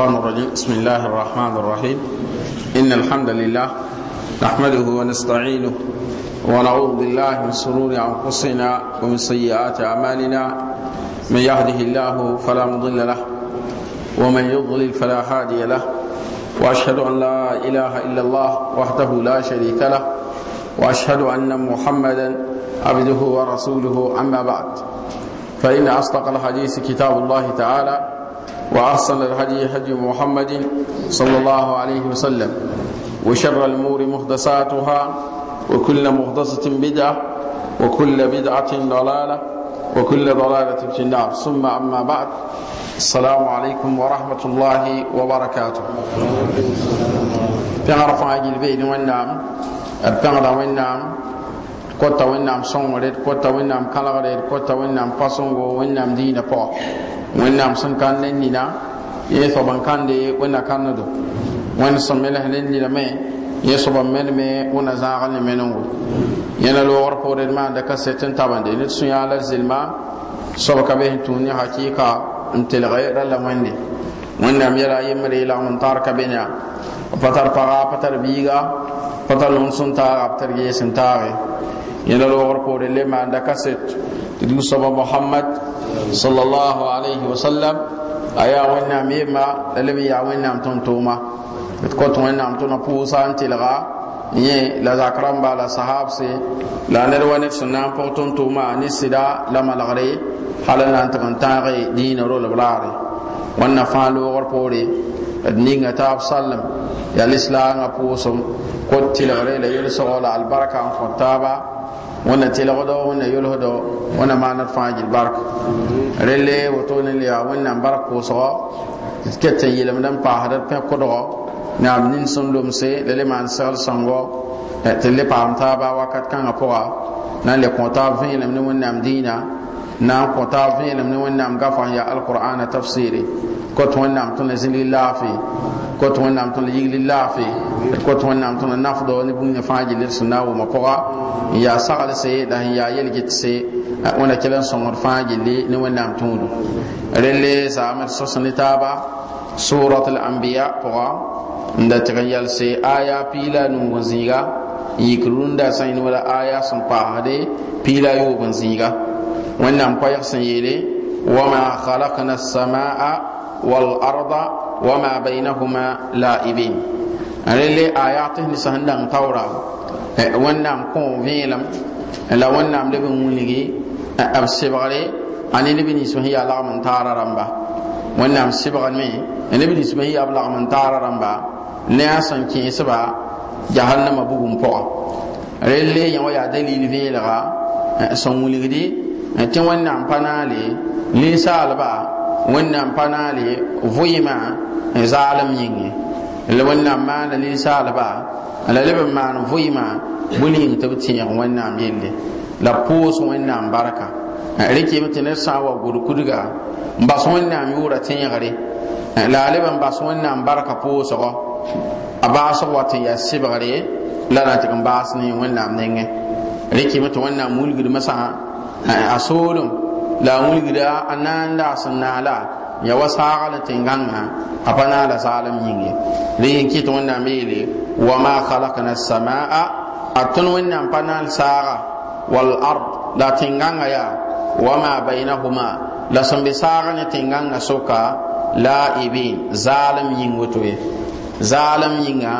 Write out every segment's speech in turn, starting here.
الشيطان الرجيم بسم الله الرحمن الرحيم إن الحمد لله نحمده ونستعينه ونعوذ بالله من شرور أنفسنا ومن سيئات أعمالنا من يهده الله فلا مضل له ومن يضلل فلا هادي له وأشهد أن لا إله إلا الله وحده لا شريك له وأشهد أن محمدا عبده ورسوله أما بعد فإن أصدق الحديث كتاب الله تعالى وأحسن الهدي هدي محمد صلى الله عليه وسلم وشر الأمور محدثاتها وكل محدثة بدعة وكل بدعة ضلالة وكل ضلالة في النار ثم أما بعد السلام عليكم ورحمة الله وبركاته في بيعرف عاجل بيد والنام بيعرف والنام كوتا والنعم صنغرد كوتا والنعم كالغرد كوتا والنعم فصنغو والنعم دين فوق wẽnnaam sẽn kan ne nina yẽ soab n kãnde wẽnna kãnddo wẽnd sẽn meles ne nilame yẽ soab n menme wẽnna zãagl ne menengo yẽna loogr pʋgd d maanda ka set n tabende ned sũ-yã la zelma soab ka bes n tũud ne hakɩɩka n telge ra la wẽnde wẽnnaam yɛla a yembr yeelg n taar ka bẽn yaa pa tar paga pa tar biiga pa tar lʋnd sẽn taaga pa tar gees n taage yẽla loogr pʋgd le maanda ka set tɩ dug soaba mohamad sallallahu alaihi wasallam aya wẽnnaam yemba la leb n yaa wẽnnaam tõnd tʋʋma d kõt wẽnnaam tʋmã la la wa ned la ninga la albarka n wẽnna telgdo wẽnna yolsdo wẽnna maana d fãa gil bark relle woto ne lya wẽnnaam bark pʋʋsgɔ ket sẽn yelemdã n paasd d pẽ kʋdgɔ naam nin sẽn lomse la le maan segl sõngo tɩ le e, paam taaba wakat kãngã pʋga na n le kõ taab vẽelem ne wẽnnaam dĩinã na n kõ taab vẽelem ne wẽnnaam gafã yaa alqur'ana tafsiri. kot wẽnnaam tõnd la zĩlig laafɩ kot wẽnnaam tõnd la yigli laafɩ kot wẽnnaam tõnd la nafdo ne bũmb ne fãa gilli d sẽn na n wʋma pʋga n yaa saglse la sẽn yaa yel-gɩtse eh, wẽna kell n sõngd fãa gilli ne wẽnnaam tũudu rẽlle zaamd sõs ne taaba surat al-anbiya pʋga n da tɩg n yɛlse aya piila nung n zĩiga n yik rũndã sã yĩn wala aya sẽn paasde piila yoob n zĩiga wẽnnaam koɛɛg sẽn yeele wama khalakna samaa والأرض وما بينهما لائبين رلي آياته نسهن دان تورا ونام كون فيلم لا ونام لبن ولغي أبسبغري أني لبن يسمهي الله من تارا رمبا ونام سبغن مي لبن يسمهي الله من تارا رمبا ناسن كيسبا جهنم بوغم فوق رلي يوا يا دليل فيلغا سن ولغدي تي ونام بنالي لسالبا wẽnnaam pa naale vɩɩmã n zaalem yĩnge la wẽnnaam maana linsaalba la leb n maan vɩɩmã bũ ling tɩ b tẽeg wẽnnaam yelle la pʋʋs wẽnnaam barka rɩkɩɩm tɩ ned sã n wa gʋd kudga n bas wẽnnaam yʋʋra tẽegre la a leb n bas wẽnnaam barka pʋʋsgɔ a baasg wa tɩ n yaa sɩbgre la na tɩg n baas ne wẽnnaam nengẽ rɩkɩɩm tɩ wẽnnaam wilgdmã sã a soolem la wilgda a na n daas n naala ya wa saagl tẽngãngã a pa naala zaalem yĩnge rẽ yẽ kɩt wẽnnaam yeele wa ma khalakna samaa a tõnd wẽnnaam pa naan saaga walard la tẽngãngã yaa wa ma bainahuma la sẽn be saaga ne tẽngãngã soka laibin zaalem yĩng woto ye zaalem yĩnga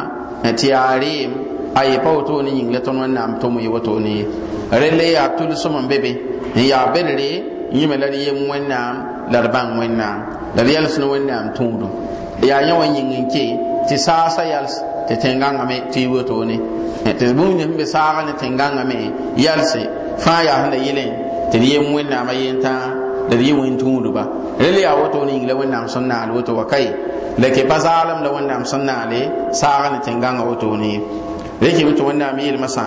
tɩ yaa reem a ye pa wotone yĩng la tõnd wẽnnaam tʋm ye wotone ye rẽ yaa tʋlsem n be be n yaa bedre yĩme la d yem wẽnnaam la d bãng wẽnnaam la d yɛls ne wẽnnaam tũudu yaa yã wa yĩng n ke tɩ saasa yɛls tɩ tẽngãngame tɩ y wotone tɩ bũmb sẽn be saagã ne tẽngãngame yɛlse fãa yaa sẽn da yɩlen tɩ d yem wẽnnaamã yentã la d yɩ wẽn-tũudba rel yaa wotone yĩng la wẽnnaam sẽn naal woto wa kae la ke pa zaalem la wẽnnaam sẽn naale saagã ne tẽngãngã wotone ye rẽkɩm tɩ wẽnnaam yeelmã sã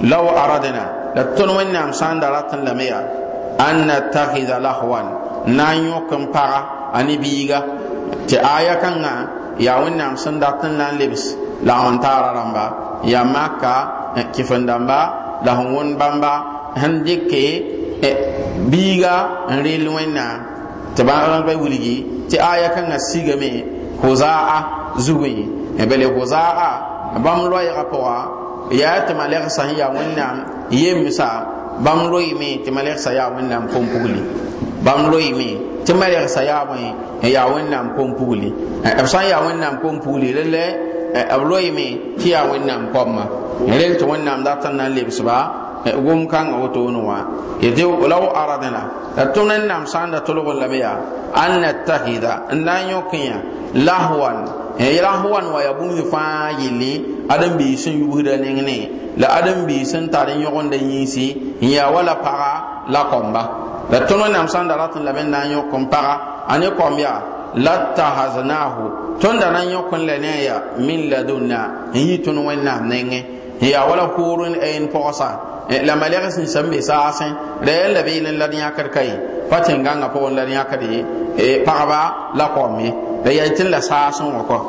law aradna la tõnd wẽnnaam sã n da rat n lame yaa an nattakhidha lahwan na yõk n paga a ne biiga tɩ aya kãngã yaa wẽnnaam sẽn dat n na n lebs la on taara ya maka ki fandamba la sẽn bamba hande ke dɩke biiga n rel ba tɩ bai wuligi ti aya kãngã sigame hoza'a zugẽ bele za'a bam loya rapport ya ta malek sahiya yaa wẽnnaam misa ban roi mai ta yaa sahiya wannan kumfuli ban roi mai ta yaa sahiya n yaa eh, wẽnnaam ƙarshen ya wannan kumfuli n yaa wẽnnaam kõn pugli rẽ lɛ b roeeme tɩ yaa wẽnnaam kɔbma rel tɩ wẽnnaam dat n na n lebsba gom kãngã wotone wã yetɩ law aradna la da tolg n an na n yõk yã lahuwan Eh, yela ho wan wa yabun fa yili adam bi sun yubuda ne la adam bi sun tarin yogon da si ya wala para la komba la tono nam san daratun la men nan yokon para ane komya la tahaznahu tun da na yokon le ne ya min ladunna yi wani na nenge ya wala kurun ayin pɔgsa eh, la malɛg sin sambe sa saasẽ da la bee len la d yãkd ka ye pa tẽn gãngã pʋgẽ la d eh, la komi da ya tin la sa sun kɔ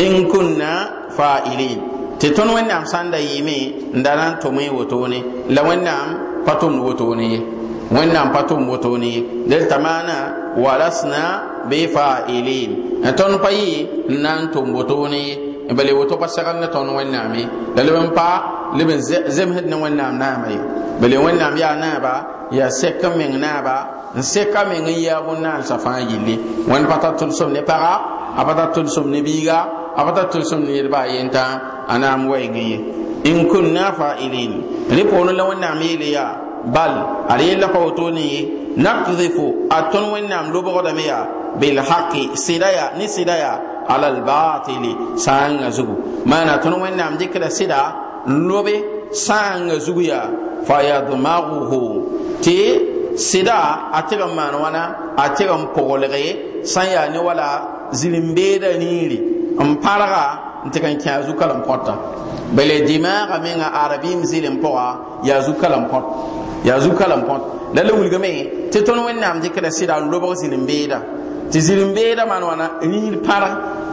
in kunna fa'ilin te ton wanda am sanda da yɩɩme n da na n tʋm la wanda am patum woto ne wanda am patum woto ne dal tamana walasna bi fa'ilin ton payi nan to woto ne bale woto pa sagal na ton wẽnnaam ye la leb n pa leb n zemsd ne wẽnnaam na ye bale wẽnnaam na naaba Ya sɛka meng na n sɛka meng ya yaa na naalsã fãa yelle wẽnd pa tun tʋlsem ne paga a pa tun tʋlsem ne biga. a pa tun tʋlsem ne yedbã a yentã a naam kun na fa kunna fa'ilin rẽ pʋgẽ la wẽnnaam yeele ya. bal ad yella pa woto ne ye nakdifo a tõnd wẽnnaam lobgdame yaa bil hakki. sidayan ni sidaya alal ba a sanga zungu. mana tun wani na am sida. lobe sanga zunguya. fa ya duma huhu. sida a cikin manuwa na. a cikin kogolbe. sanyal ne wala zilembedani ne. ntikan can a zu kalan kota. baleji ma ka mi a arabiyan ya zu kalan kota. ya zu kalan kota. da lemulke min. te tun sida. a loba zilembeda. tɩ zĩrin beeda maan wãna riir par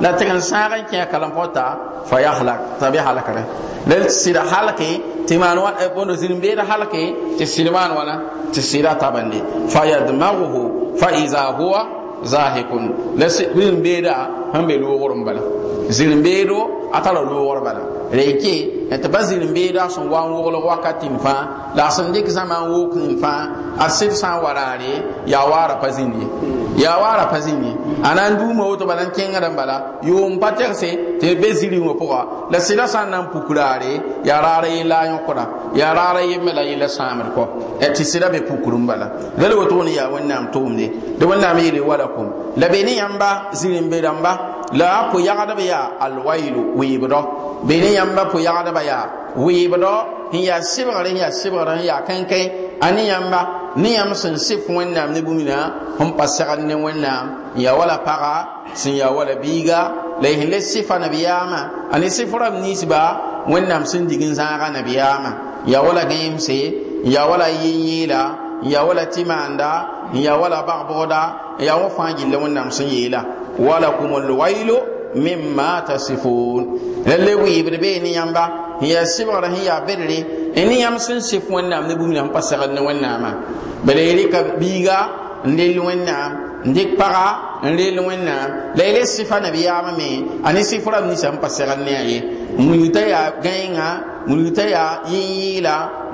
la tɩg n sãag n kẽa kalen-pota fa yahlak t'a be halkrẽ la sɩda halke tɩ maan eh, bõn zĩrin beeda halke tɩ sɩd maan wãna tɩ sɩda tabende fa yadmaghu fa iza huwa zahikun la zĩrin beeda sãn be loogr n bala zĩrĩn-beedo a tara loogr bala reke tɩ ba zĩrĩn-beedo a sẽn wa n woglg wakat n fãa la a sẽn dɩk zãma n wok n fãa a sɩd sã n wa raare yaa waara pa zĩnd ye yaa waara pa zĩnd ye a na n duuma woto bala n kẽngd n bala yoom pa tɛgse tɩ be zĩri wã pʋga la sɩda sã n na n puk raare yaa raara yella a yõkra yaa raara yembã la yella sãamd kɔ tɩ sɩda be pukr n bala rel woto wẽnd yaa wẽnnaam tʋʋmde d wẽnnaam yeele walakum la be ne yãmba n be rãmba la pu yagdb ya alwailu weebdo bɩ ne yãmba pu yagdba ya weebdo n yaa sɩbgr n yaa sɩbgr n yaa kẽnkẽ a ne yãmba ne yãmb sẽn sɩf wẽnnaam ne bũmb na n ne wẽnnaam ya wala paga sẽn yaa wala biiga la yẽsẽn le sɩfa nabiyaamã a ne sɩf rab ninsba wẽnnaam sẽn dig n zãaga nabiyaamã yaa wala gẽemse n yaa wala yɩn ya wala timanda ya wala bagboda ya wa fa gilla wannan sun yela wala kumul wailu mimma tasifun lalle wi ibrebe ni yamba ya sibara ya bedre ni yam sun sif wannan ne bumin pa sagal ne wannan ma bale ka biga ndel wannan ndik para ne rel wẽnnaam sifa y le sɩfa me ani ne ni sam n pa segl ne a ye muta mulita ya yaa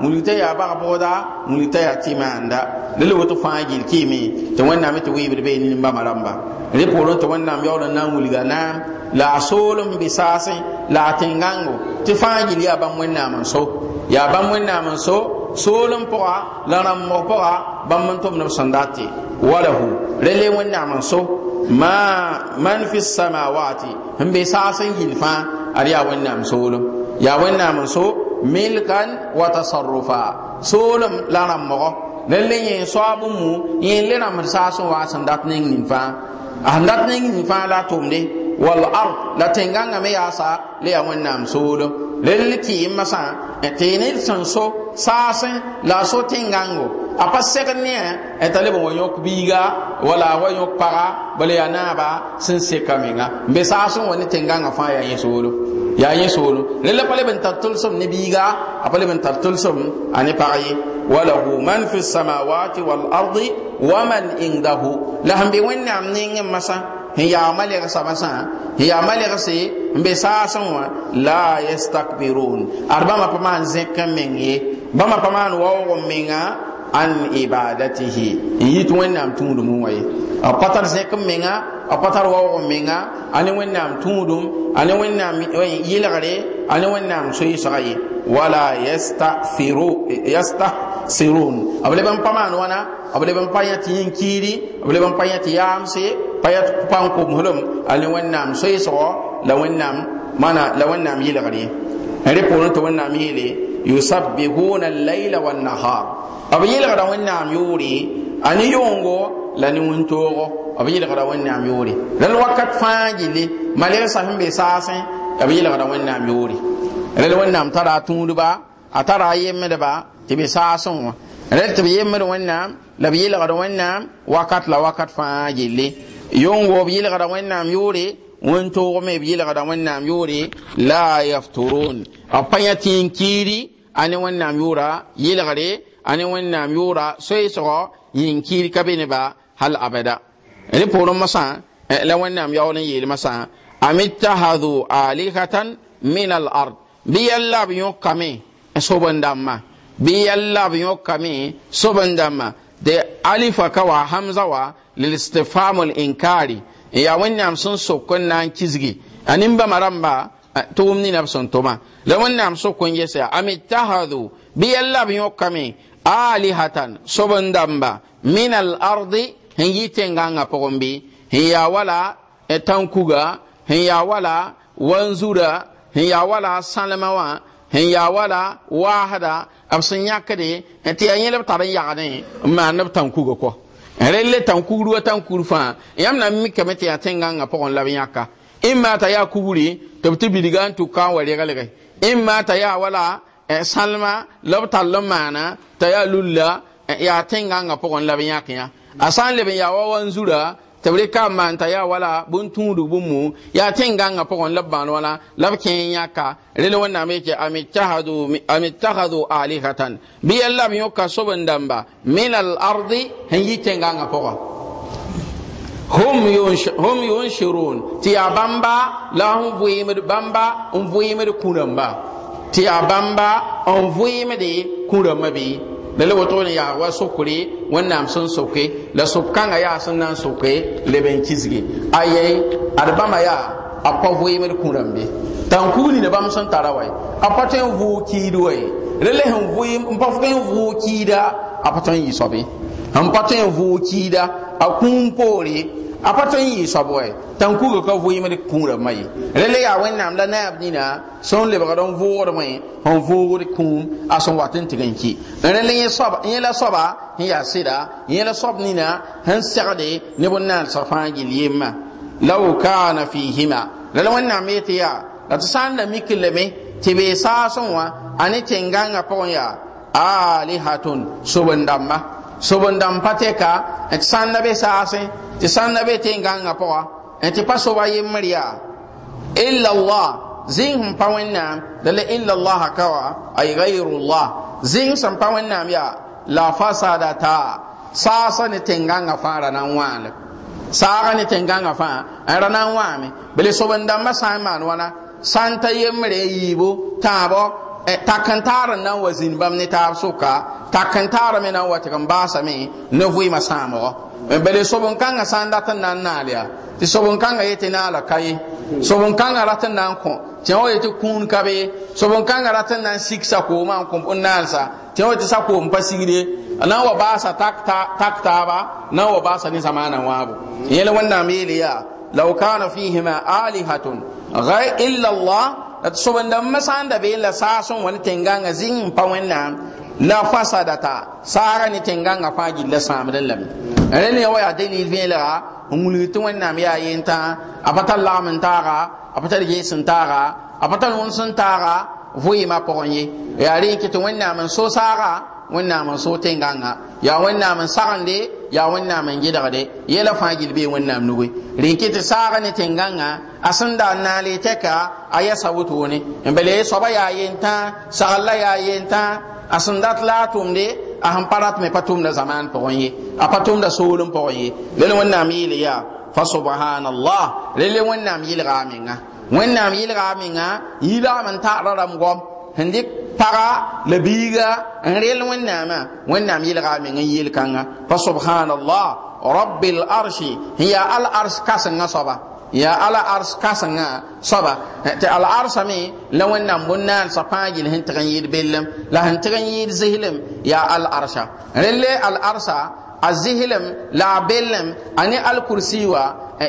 mulita ya mulg t'a yaa bagbgda mulg t'a yaa tɩmaanda dẽl woto fãa gil kɩɩme tɩ wẽnnaam tɩ wɩɩbd bee nin bãmba rãmba rẽ poorẽ tɩ wẽnnaam yaool na n wilga naam la a soolem bɩ saasẽ la a tẽngango tɩ fãa gil yaa bãmb wẽnnaam n so yaa bãmb wẽnnaam n so soolem pʋga la rãmbg pʋga bãmb n tʋmd b sẽn datɩ walahu rẽle wẽnnaam n so ma man fi samawati n be saasẽ yil fãa ad yaa wẽnnaam soolem ya wẽnnaam so milkan wa tasarrufa soolem ah, la rãmbgɔ lalle yẽ soab n mu yẽ le rãmbd saas n wa sẽn dat ning nin fãa sẽn dat ning nin fãa la a tʋmde wal ard la tẽngãngame yaasa le ya wẽnnaam soolem rel kɩɩmã sã tɩ ned sẽn so saasẽ eh, la a so tẽngãngo a pa segd neã t'a leb n wa yõk biiga wala wa yõk paga bala yaa naaba sẽn seka menga n be saasẽ wa ne tẽngãngã fãa yaa yẽ soolem ya yin solo lalla pale ben tartulsum ne biga a pale ben tartulsum ani paye wala hu man fi samawati wal ardi wa man indahu la bi wenne am ne masa ya malaka samasa ya ga se mbe sasan wa la yastakbirun arba ma pama zekan menge bama wa wo menga an ibadatihi yi wenne am tundu mu waye a patar zekan menga a patar wa menga ani wẽnnaam tũudum ani wẽnnaam yilare ani wẽnnaam soɩɩsga ye wala yastafiru yastasirun abule ban paman wana, abule ban leb n kiri abule ban yĩn kiiri b leb n pa yã tɩ yaamse pa yã la wẽnnaam mana la wẽnnaam yɩlgr ye rẽ wannan tɩ wẽnnaam yeele yusabbihuna wan-nahar b yɩlgra wẽnnaam yuri ani yongo la ni wuntoro togo abi yela da wani am yori dal wakat faji le male sa be sase abi yela kada wani am yori dal wani am tara tundu ba atara yemme da ba be sase wa lal ti yemme de wani am la bi yela da wani am wakat la wakat faji le yongo bi yela kada wani am yori wun me bi da kada wani am yori la yafturun apanya tinkiri ani wani am yora yela ani wẽnnaam yʋʋra soɩɩsgɔ yĩn kiir ka be neba hal abada ne pʋgrẽ masã eh, la wẽnnaam yaool n yeel masã am ittahadu alihatan min al ard bɩ yɛl la b yõkame sob n dãmba bɩ yɛl la b yõkame sob n dãmba de alifa ka wa hamza wa lilistifam l inkari n yaa wẽnnaam sẽn sok n na n kisgi a nimbãmbã rãmba tʋʋm eh, nina b sẽn tʋma la wẽnnaam sok n yese am ittahadu bɩ yɛl la b yõkame alihatan soban damba min al ardi hin yitenga nga pogombi hin ya wala tankuga hin ya wala wanzura hin ya wala salma wa hin ya wala wahada ab yakade ti ayin lab tarin ne ma na tankuga ko rele tankuru wa tankuru fa yamna mi kamete ya tenganga nga pogon lab yaka imma ta ya kuburi tabtibi digantu tu kan wale galege imma ta ya wala Eh, salma eh, la b mana t'a ya lulla ya yaa nga pokon la b yãk asan le sã wa wan zura tɩ b rɩka n t'a ya wala bõn tũudg bũmb mu yaa tẽngãngã pʋgẽ la b bãan wãna la b kẽe yãka rel wẽnnaam yetɩ am ittahadu alihatan bi yɛl la b yõka sob n dãmba min alardi sẽn yi nga pokon hum yunshirun tɩ yaa bãmba la sẽn bʋɩɩmd bãmba n bʋɩɩmd kũ ti tɩ yaa bãmba n vɩɩmde kũ rãmbã bɩ la la woto ne ya wa sokure wannan sẽn soke la sob ya yaa sẽn na n soke leb n kisge aye arbama ya yaa a pa vɩɩmd kũ rãmbe t'a n kug nina bãmb sẽn tara wa a pa tõe n vʋʋg kiid wa ye la les n vɩɩm n pa tõe n vʋʋg a pa tõe n yɩ soabe n pa a kũum poore a pato yi sabuwa tan kuka ka voyi mai da mai rele ya wani namda na abni sun son lebaga don vuwar mai hon vuwar kun a son watan tiganki rele yi saba yi la saba ya sida yi la saba ni na han sagade ne bon nan safan gili ma lau kana fi hima rele wani namda ya tiya da ta san da miki mikilleme tebe sa son wa ani tenganga pon ya alihatun subandamma sobn dãmb pateka et san tɩ sãn na be saasẽ tɩ sãn na be pa so waye yaa illa allah zin sẽn pa wẽnnaam la illa allah ka wa ay ghairu allah zin sam pa wẽnnaam yaa la ta, saasa ne tẽngãngã fãa ra na n saaga ne tẽngãngã fãa n ra na n bele sobn dãmbã sã n maan wãna sãn ta yembre a takantara nan wa zin bam ne ta suka takantara me nan wa tikan basa me ne vui masamo bele sobon kanga sanda tan nan nalia ti sobon kanga yete nala kai sobon kanga ratan nan ko ti o yete kun kabe sobon kanga ratan nan siksa ko ma ko unnalsa ti o yete sa ko mpasire nan wa basa takta takta ba nan wa basa ni wa wabu yele wannan meliya law kana fihima alihatun ghayr illa allah so ma sã n da bee la saa wani tenganga ne tẽngãngã zĩng pa wẽnnaam la fasadata sara ni tenganga fa gilla samdan lam lame rẽ ne wa yaa delil vẽelga n wilg tɩ wẽnnaam yaa yentã a pa tar lagm n taaga a pa ma yeels ya ri a pa tar wõns so sara wẽnnaam man so tenganga ya wẽnnaam man sarande ya wannan man gida da ya la bee wẽnnaam wannan rẽn kɩ ta saag ne tenganga asan da na le teka aya yɛsa ne in bale so ba yentã sagl la yaa yentã a sẽn dat la a tʋmde a sẽn pa ratme pa tʋmda zamaan pʋgẽ ye a patum da sulun n yi ye wannan wẽnnaam yɩɩl yaa fa subhanallah wannan wẽnnaam yɩlga ga menga Wannan yɩlga a menga yilaam n tagra rãmb gɔm sẽn dɩk para la biiga n rel wẽnnaamã wẽnnaam yɩlga meng n yel kãnga pa subhanallah rabbil arshi n yaa al ars kãsengã soaba yaa ala ars kãsengã soaba tɩ al arsame la wẽnnaam bõn-naansã pãa yɩl sẽn tɩg n yɩɩd bellem la sẽn tɩg n yɩɩd zislem yaa al arsa rel le al arsa a zislem la a bellem a ne alkursiwa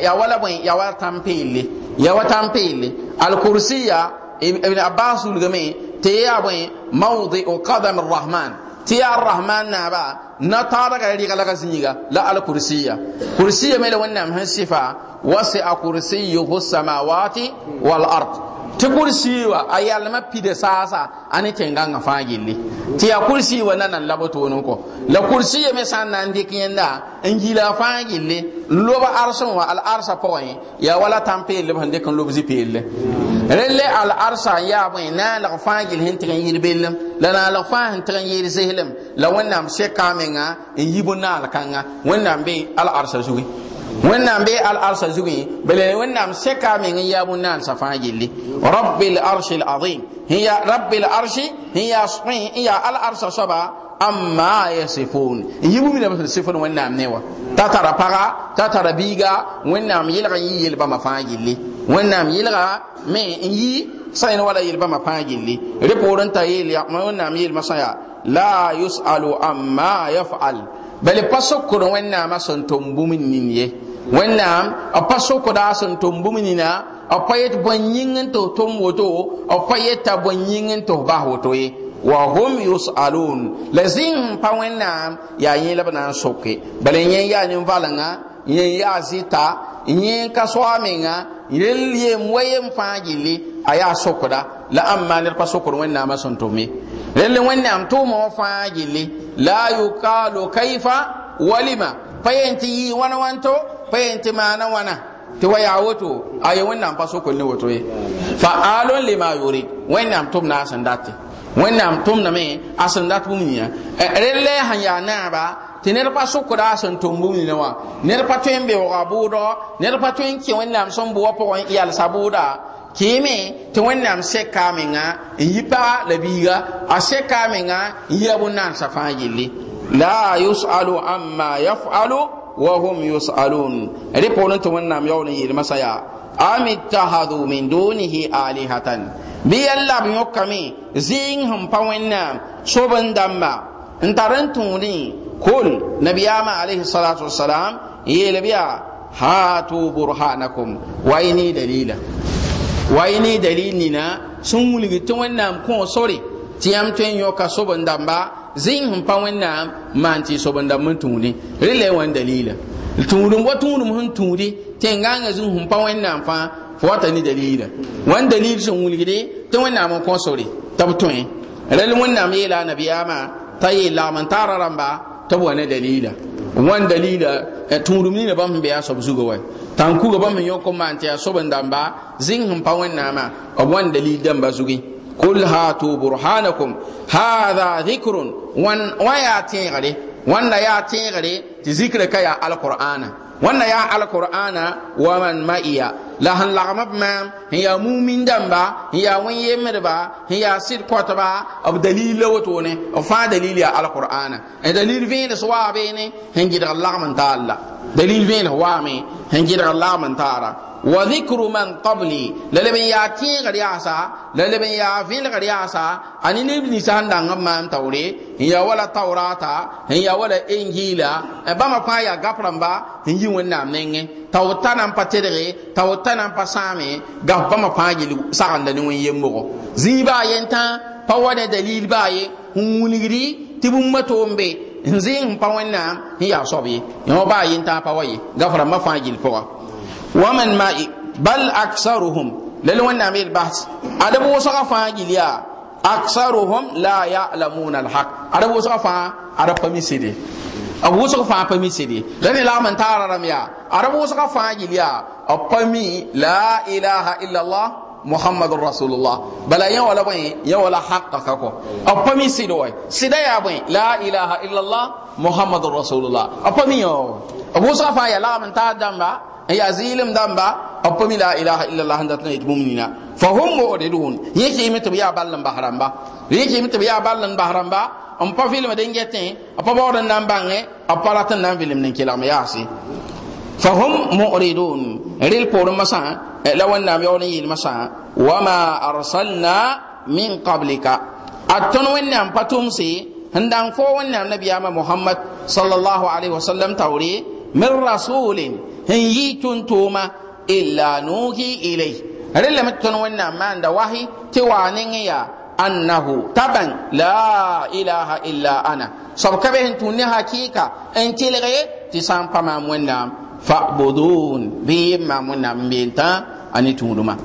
ya wala bõe ya wa tãn peelle ya wa tãn peelle alkursiya ابن عباس لغمي بوين موضع قدم الرحمن تيا الرحمن نابا نتارك ريغا لغا زنيغا لا على كرسية كرسية ميلا ونعم هنسفا وسع كرسيه السماوات والأرض ti kursi wa a yalma pide sasa a ne tẽngãngã fãa gilli tɩ yaa kursi wa na nan labato botoonen kɔ la kursi ya sã na n dɩk yẽnda n yila fãa gilli loba lob wa al-arsã pʋgẽ wala tãn peel b sẽn dɩk n lob zĩ-peelle rẽlle al-arsã n yaa bõe na n lag fãa gill sẽn tɩg bellem la na n lag fãa sẽn tɩg n yɩɩl zeslem la wẽnnaam sɛkaa in n yi bõn kanga, kãnga wẽnnaam be al-arsã zuge wẽnnaam bee al arsa zugẽ bele wẽnnaam sẽka meng n yaa bũnnaan sã fãa gilli rabil arshi lazim rabil arsi, n yaa al arsa soaba amma yasifun n yi bũmb dãmb sẽn sɩfd wẽnnaam ne wa t'a tara paga t'a tara biiga wẽnnaam yɩlga n yi yel bãmba fãa gilli wẽnnaam yɩlga me n yi sã yẽn wala yel bãmba fãa gilli rẽ poor t'a yeel wẽnnaam yeelmã sã yaa la yusalu amma yafal bale pa sokor wẽnnaam a sẽn tʋm bũmb nin ye wẽnnaam a pa sokda a sẽn tʋm bũmb nina a pa yet bõn yĩng n tɩ tʋm woto a pa yeta bõn yĩng n tɩ bas woto ye wa hum yusalun la zĩng pa wẽnnaam yaa yẽ la na n soke bala yẽ yaa nin-valenga yẽ yaa zɩta yẽ ka soa menga rel yeem wa yem fãa gilli a yaa sokda la ãmb maan d pa sokr wẽnnaamã sẽn tʋm ye lele wẽnnaam tʋʋma wã fãa gilli la yuqalu kaifa walima pa yen tɩ yɩɩ wãna wãn to ti yen tɩ maana wãna tɩ wa yaa woto a ye am pa sokol ne woto ye fa aalon lema yore wẽnnaam tʋmda a sẽn date wẽnnaam tʋmdame a sẽn dat bũmb nina e, rel la sẽn yaa naaba ti ned pa sokda a sẽn tʋm bũmb nina wa? ned pa tõe n beooga bʋʋdɔ ned pa tõe n kẽ wẽnnaam sẽn bʋa pʋgẽ yalsa bʋʋda kime tɩ wẽnnaam sɛka menga n yi pa la biiga a sɛka menga n yɩra bõn-naansã fãa yelle la yusalu amma yafalu wa hum yusalun rẽ pʋgr tɩ wẽnnaam yaool n yeelmã sã yaa am ittahadu min dunihi alihatan bɩ yɛl lab yõkame zɩɩng sẽn pa wẽnnaam sob n dãmba n tar n tũudẽ kol nabiyaama alayhi salatu wasalam yeelb yaa hatu burhanakum wa ini dalila waye ne dalili na sun wulgi tun wẽnnaam kõ sore ti yãmb tun yo ka sob dan ba, zin sẽn pa wannan maan tɩ sob n dãmb n tũude rẽ la dalila tunun wa tunun mun tuni te nganga zin zĩig sẽn pa wẽnnaam fa, fo ni ne dalila wãn dalil sun wilgde tɩ wẽnnaam n mun sore sori, b tõe rel wẽnnaam yeela a nabiyaamã t'a yeellaam n taara rãmba tɩ b wa ne dalila wãn dalila eh, tunun ni ne ban biya a soab zugã tan kuga ba min yoko man ta so ban damba zin hin pa wannan ma abwan dalil dan bazugi qul hatu burhanakum hadha dhikrun wan ya tingare wanda ya tingare ti zikra ka ya alqur'ana wanda ya alqur'ana wa man ma'iya la han la mabma ya mu'min damba ya wan yemerba ya sir kotaba ab dalil wato ne fa dalil ya alqur'ana e dalil vin da sawabe ne hin gidar Allah man ta'ala dalil vẽen waame sẽn gɩdg laam n taara wa dhikru man qabli la leb n yaa kẽegr yaasa la leb n yaa vẽlgr yaasa a ne neb ninsã sẽn dãng n maam taoore n yaa wala taorata n yaa wala engila bãmba fãa yaa gap rãmba n yi wẽnnaam nengẽ t'a b ta na n pa tedge t'a b ta na n pa sãame gaf bãmba fãa gill sagenda ne wẽn yembgo zĩibã a ne dalil baa ye n wilgri tɩ bũmb ma toombe nzing pa wẽnnaam sẽn yaa soab ye yõ baa yen tãag pa wa ye gaf rãmbã fãa gill pʋga waman ma bal aksaruhum lal wẽnnaam yel bas ad b wʋsga fãa gill yaa aksaruhum la yalamuna alhaq ad b wʋsga fãa ada pa mi sɩde b wʋsg fãa pa mi sɩde la ne lagm n taara rãmb yaa ad b wʋsga fãa gill la ilaha illa allah muhammadur rasulullah bala yan wala bwen yan wala haqqa ka ko apami sido wai sida ya bwen la ilaha illallah muhammadur rasulullah apami yo abu safa ya la man ta damba ya zilim damba apami la ilaha illallah handa tan mumnina fa hum mu'ridun yake mitu ya ballan bahramba yake mitu ya ballan bahramba am pa film den gete apa bodan nan bange aparatan nan film nin kilam yasi فهم مؤردون ريل بور مسا لو ان يوم يل مسا وما ارسلنا من قبلك اتن وين ام باتومسي هندان فو وين ام نبي محمد صلى الله عليه وسلم توري من رسول هيتون توما الا نوحي اليه ريل متن وين ما عند وحي توانين يا انه تبا لا اله الا انا سبكبه انتوني tunni انتي لغي تسام قمام وين pamam fa'budun bi ma mun ani tunduma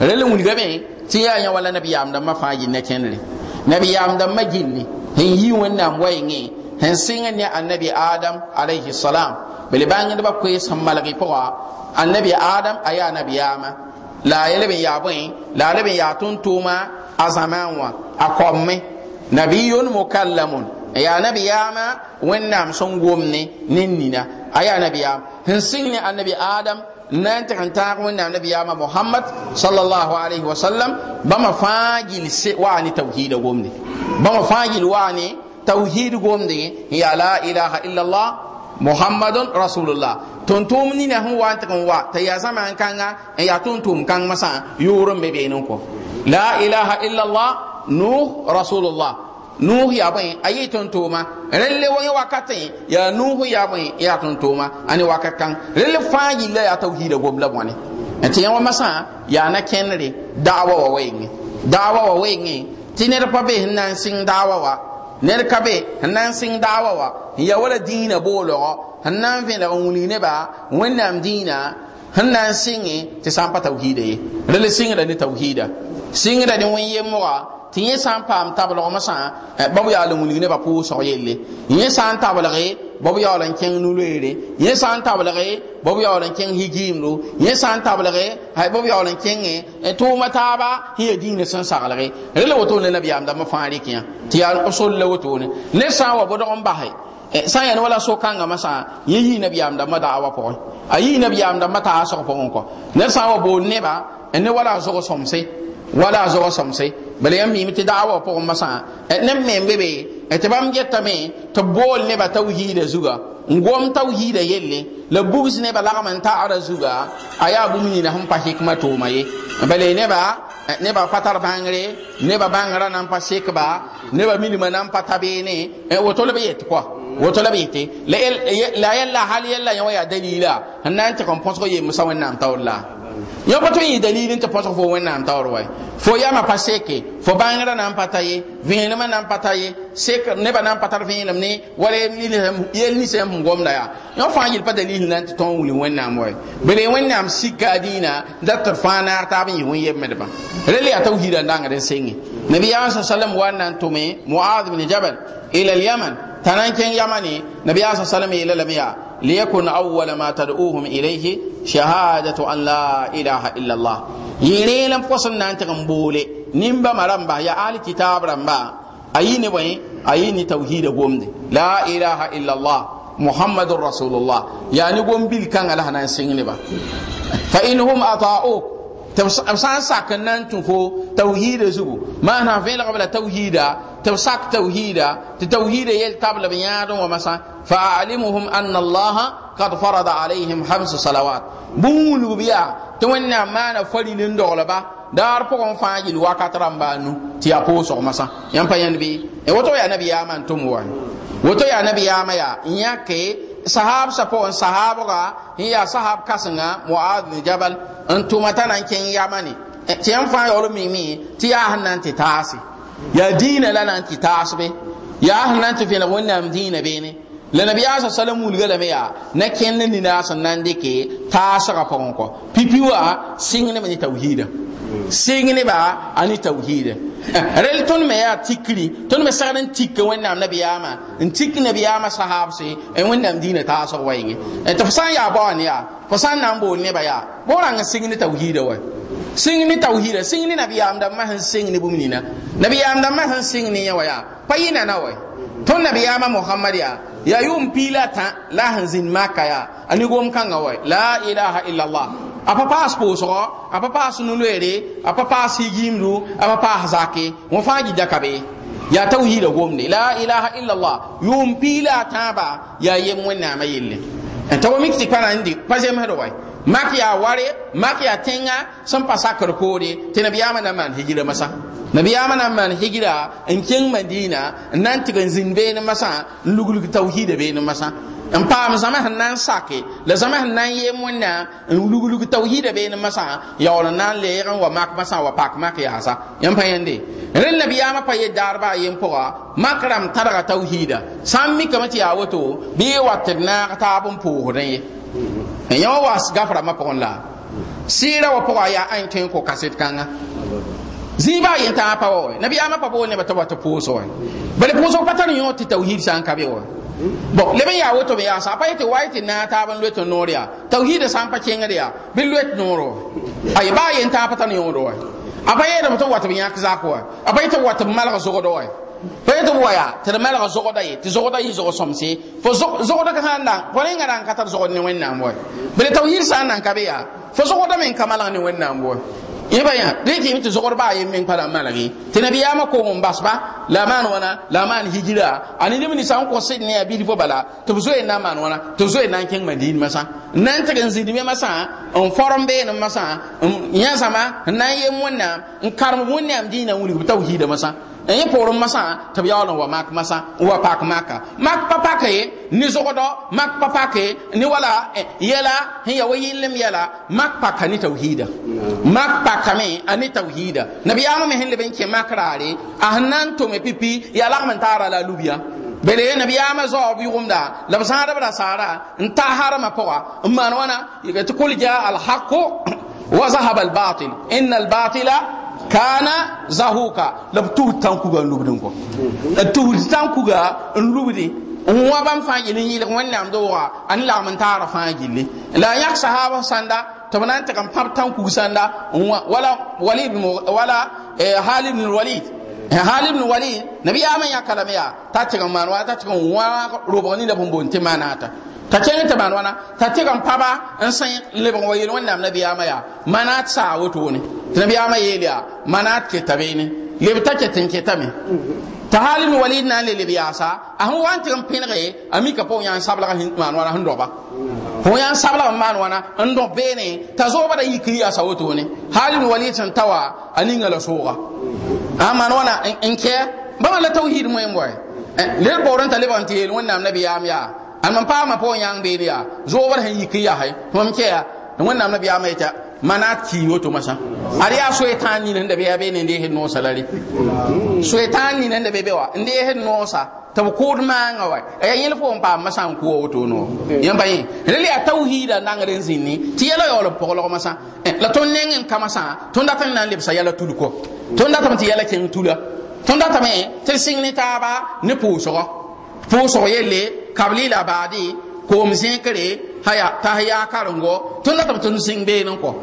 rele mun gabe ti ya ya wala nabi amda ma faji na kenre nabi amda ma gilli hin yi wannan ne hin singa ne annabi adam alaihi salam bele bangi da ba ko yisan malaki ko annabi adam aya nabi yama la yele be ya bin la le ya tuntuma azamanwa akomme nabiyun mukallamun ya nabiyama wannan sẽn gomne ne nina a yaa nabiyaam sẽn sɩng ne a adam na ta tɩg n tãag wẽnnaam nabiyaamã mohamad sallallahu alaihi wasallam bãmba fãa gil waa ne tawhiidã gomde bãmba fãa gil waa ne tawhiid gomde n yaa la ilaha illallah muhammadun rasulullah tontom ni na hu wan tan wa ta ya zama an kanga ya tontom kan masa yoro mebe ko la ilaha illallah allah nuh rasulullah nuhu ya bai a yɩ tõn-tooma rẽn le wẽ nuhu ya bai ya tuntuma tooma a ne wakat kãng rẽn le fãa yilla yaa tawhiidã gom la bõne tɩ yã wã na kẽnere daawa wa wɛɩngẽ daawa wa wɛɩngẽ tɩ ned pa be sẽn na n sɩng daawa wa ned ka be sẽn na n sɩng daawa wa n ya wala dina boolgɔ sẽn na n vẽlg n wilg nebã wẽnnaam dĩinã sẽn na n sɩngẽ tɩ sã n pa tawhiidã ye rẽl sɩngrã ne tɩ yẽ sã n paam tablgmã sã ba b n wilg nebã pʋʋsg yelle yẽ sã n tablge ba yaool n kẽng nu-loeere yẽ sã n tablge ba yaool n kẽng higiimdo yẽ sã n tablge ba yaool n kẽngẽ tʋʋma taaba sẽn yaa dĩinã sẽn saglge rela wotone nabiyaam dãmbã fãa rɩk tɩ yaa soll la wotone ned sã n wa bʋdg n basɛ sã n yɛl wala so-kãngã masã yẽ yii nabiyaam dãmbã daawa pʋgẽ a yii nabiyaam dãmbã taasg pʋgẽ kɔ ned sã n wa boond nebã ne wala a sõmse wala zo wa samse bal yam mi ti da'awa po masa e, ne me nem men te etbam je tame, to bol ne ba tawhid zuga ngom tawhid yelle le bubs ne ba lagaman ta'ara zuga aya bu mi na hum pa hikmato maye bale ne ba e, ne ba fatar bangre ne ba bangra nan pa ba, ne ba milima nan pa tabene e woto le yet kwa woto be bete la yalla hal yalla ya waya dalila nan ta kon ponso ye musawan nam tawalla yõ pa tõe n yɩ dalil n tɩ põsg fo wẽnnaam taoor wa fo yaama pa seke fo bãngrã na n pa ta ye vẽenemã na n pa ta ye sek neba na n pa tar vẽelem ne wala yel ninsẽm sẽn gomda yaa yõ fãa pa dalil na n tɩ tõnd wili wẽnnaam wɛ bele wẽnnaam sika dĩinã dat tɩ d fãa naag taab n yɩs wẽn yembdbã rel yaa tawhiidã dãngd n senge nabiyaam sa salam wa n jabal ila lyaman t'a na n kẽng yamane nabiyaam sa salam yeela ليكن أول ما تدعوهم إليه شهادة أن لا إله إلا الله يريلم قصنا أنت غنبولي نمبا مرمبا يا آل كتاب رمبا أي نبوين ni tawhida gomde la ilaha illa allah muhammadur rasulullah yani gombil kan ala hanan single ba fa inhum ata'uk تب سان ساك نان تنفو توحيد زبو ما هنا فين قبل توحيدا تب ساك توحيدا تتوحيد يل قبل بيان وما فأعلمهم أن الله قد فرض عليهم خمس صلوات بولو بيا تونا ما نفري لندغل با دار بقون فاجل وقت رمبانو تيا بوسو مسا ينبا ينبي إيه، وطو يا نبي آمان تموان وطو يا نبي آمان يا إنياكي إيه، صحاب سبون صحابوغا هي صحاب كاسنغا معاذ جبل n t'a na n kẽng yama ne tɩ yãmb fãa yaool mimi eh, ti yaa sẽn na taasi ya taase yaa la na n tɩ taasbe yaa sẽn na n tɩ vẽneg wẽnnaam diinã beene la nabiyaa salamu salam wilga lame na kẽnd ni n na n dɩke taasgã ka kɔ pipi wa sɩng ne me ne tawhiidã sɩng nebã a ne tawhiidã rel tõnd me yaa tikri tõnd me segd n tik wẽnnaam nabiyaamã n tik nabiyaamã sahaabse wẽnnaam diinã taasg wa yĩnge tɩ f sã n yaa baoan yaa fo sã na n boond nebã yaa bõo rãng n sɩng ne tawhiidã wa sɩng ne tawhiidã sɩng ne nabiyaam dãmbã sẽn sɩng ne bũmb nina nabiyaam dãmbã sẽn sɩng ne yã wa yaa pa yɩ nana wa tõnd nabiyaamã mohamad yaa yaa yʋʋm piila tã la sẽn zĩnd maka yaa a ne gom kãngã wa la ilaha illallah a pa paas pʋʋsgɔ a pa paas nu-loeere a pa paas yiimdu a pa paas zake wõ fãa gida ka be yaa tawhiidã gomde la ilaha illa allah yʋʋm piila a tãaba yaa yem wẽnnaamã yelle n ta wa mik tɩ pa na n dɩk pa zemsd wa mak yaa ware mak yaa tẽngã sẽn pa sakr poore tɩ nabiyaamã na n maan hijira masã nabiyaamã na n maan hijira n kẽng madiinã n na n tɩg n zĩnd beenẽ masã n luglg masa. masã n paam zãma sẽn na n sake la zãma sẽn na n yeem wẽnnaam n luglug tawhida beene masã yaool n na n leeg n wa mak masã wa pak mak yaasa yãmb pa yẽnde rẽ nabiyaamã pa yeddaarbã a yen pʋga mak rãmb tãdga tawhida sã n mikame tɩ yaa woto bɩ ye wat tɩ d naag taab n pʋʋsd ye e yã wa waas gaf rãmbã pʋgẽ la sɩɩra wa pʋga yaa ãn tõe n kõ kaset kãnga zĩibã a yen tãag pa wa wa nabiyaamã pa bool nebã tɩ wa tɩ pʋʋs wa bala pʋʋsg pa tar yõ tɩ tawhid sã n ka be wa bon le ya woto be ya sa pa yete waite na ta ban lweto noria tauhid san pa kenga ya bil lwet noro ay ba yen ta patan yodo wa apa ye da mutum wata binya kaza ko apa yete wata malaka zogo do wa pa yete wa ya ter malaka zogo da ye ti zogo da yi zogo somse fo zogo da ka handa ko ne ngara ka tar zogo ne wenna mo bil tauhid san nan ka be ya fo zogo da men kamala ne wenna mo yẽba yã rẽ tɩ yɩm tɩ zogr baa yem meng pa la n malge tɩ nabiyaamã koong basba la maan wãna la maan higira a ne leb ninsã n kõs d ne a bilf fo bala tɩ b zoe n na n maan wãna tɩ b zoe n na n kẽng madiin masã n na n tɩg n zĩnd me masã n form beenem masã yã zãma n na n yem wẽnnaam n karem wẽnnaam dĩinã wilg b tawhiidã masã yẽ pʋʋr masã tɩ b yaool n wa mak masã n wa pak maka mak pa pake ne zʋgdɔ mak pa pake ne wala yɛla sẽn ya wa yɩllem yɛla mak paka ne tawhiida mak pakame a ne tawhiida nabiyaamã me sẽn leb n kẽ mak raare a sẽn na n tome pipi yaa lagm n taara la a lubya bele nabiyaama zaoob yʋgemda la b zãadb rasaara n taasarmã pʋga n maan wãna tɩ kʋl ja alhaqu wa zahaba albatil ina albatila kana zahuka la tu tan ga lubdin ko tu tan kuga lubdi wa ban fa ni yil wannan do wa an la man tara fa ni la yak sahaba sanda to nan ta kan tanku tan kuga sanda wala walid wala eh, halid walid Eh, hali ni wali nabi ya man ya kalame ya ta ce kan manwa ta ce kan wa robo ni da bumbun ti manata ta ce ta manwa na ta ce kan papa an san le bon wayi wannan nabi ya maya manat sa wato ne nabi ya maye ya manat ke tabe ne le ta ce tin ke tame ta hali ni wali na le le biya sa a hu wan tin pinre ami ka po yan sabla hin manwa na roba fo yan sabla man wana ndo bene ta zo bada yiki a sawoto ne halin walitin tawa anin ala soga aman wana in ke ba mala tauhid mo en boy eh, le boran taliban ti el wannan nabi ya ya an man pa ma po yang bene ya zo bada yiki ya hay mom ke ya wannan nabi ya mai ta mana ti woto masa ari ya shaitan ni nan da ya be ne da ya no salari shaitan ni nan da be bewa inda ya no sa ta ko ma nga wa ya yin fo pa masa ko woto no yan bayi rili ya tauhida nan ren zinni ti yalo yo lo pokolo masa eh, la ton nengen kama sa ton da tan nan le sa yala tulko ton da tan ti yala ken tula ton da tan me te singni ba ne so ye le kabli la di Kom zẽkre ta yaa karengo tõnd la tɩ b tõnd sẽng been n kɔ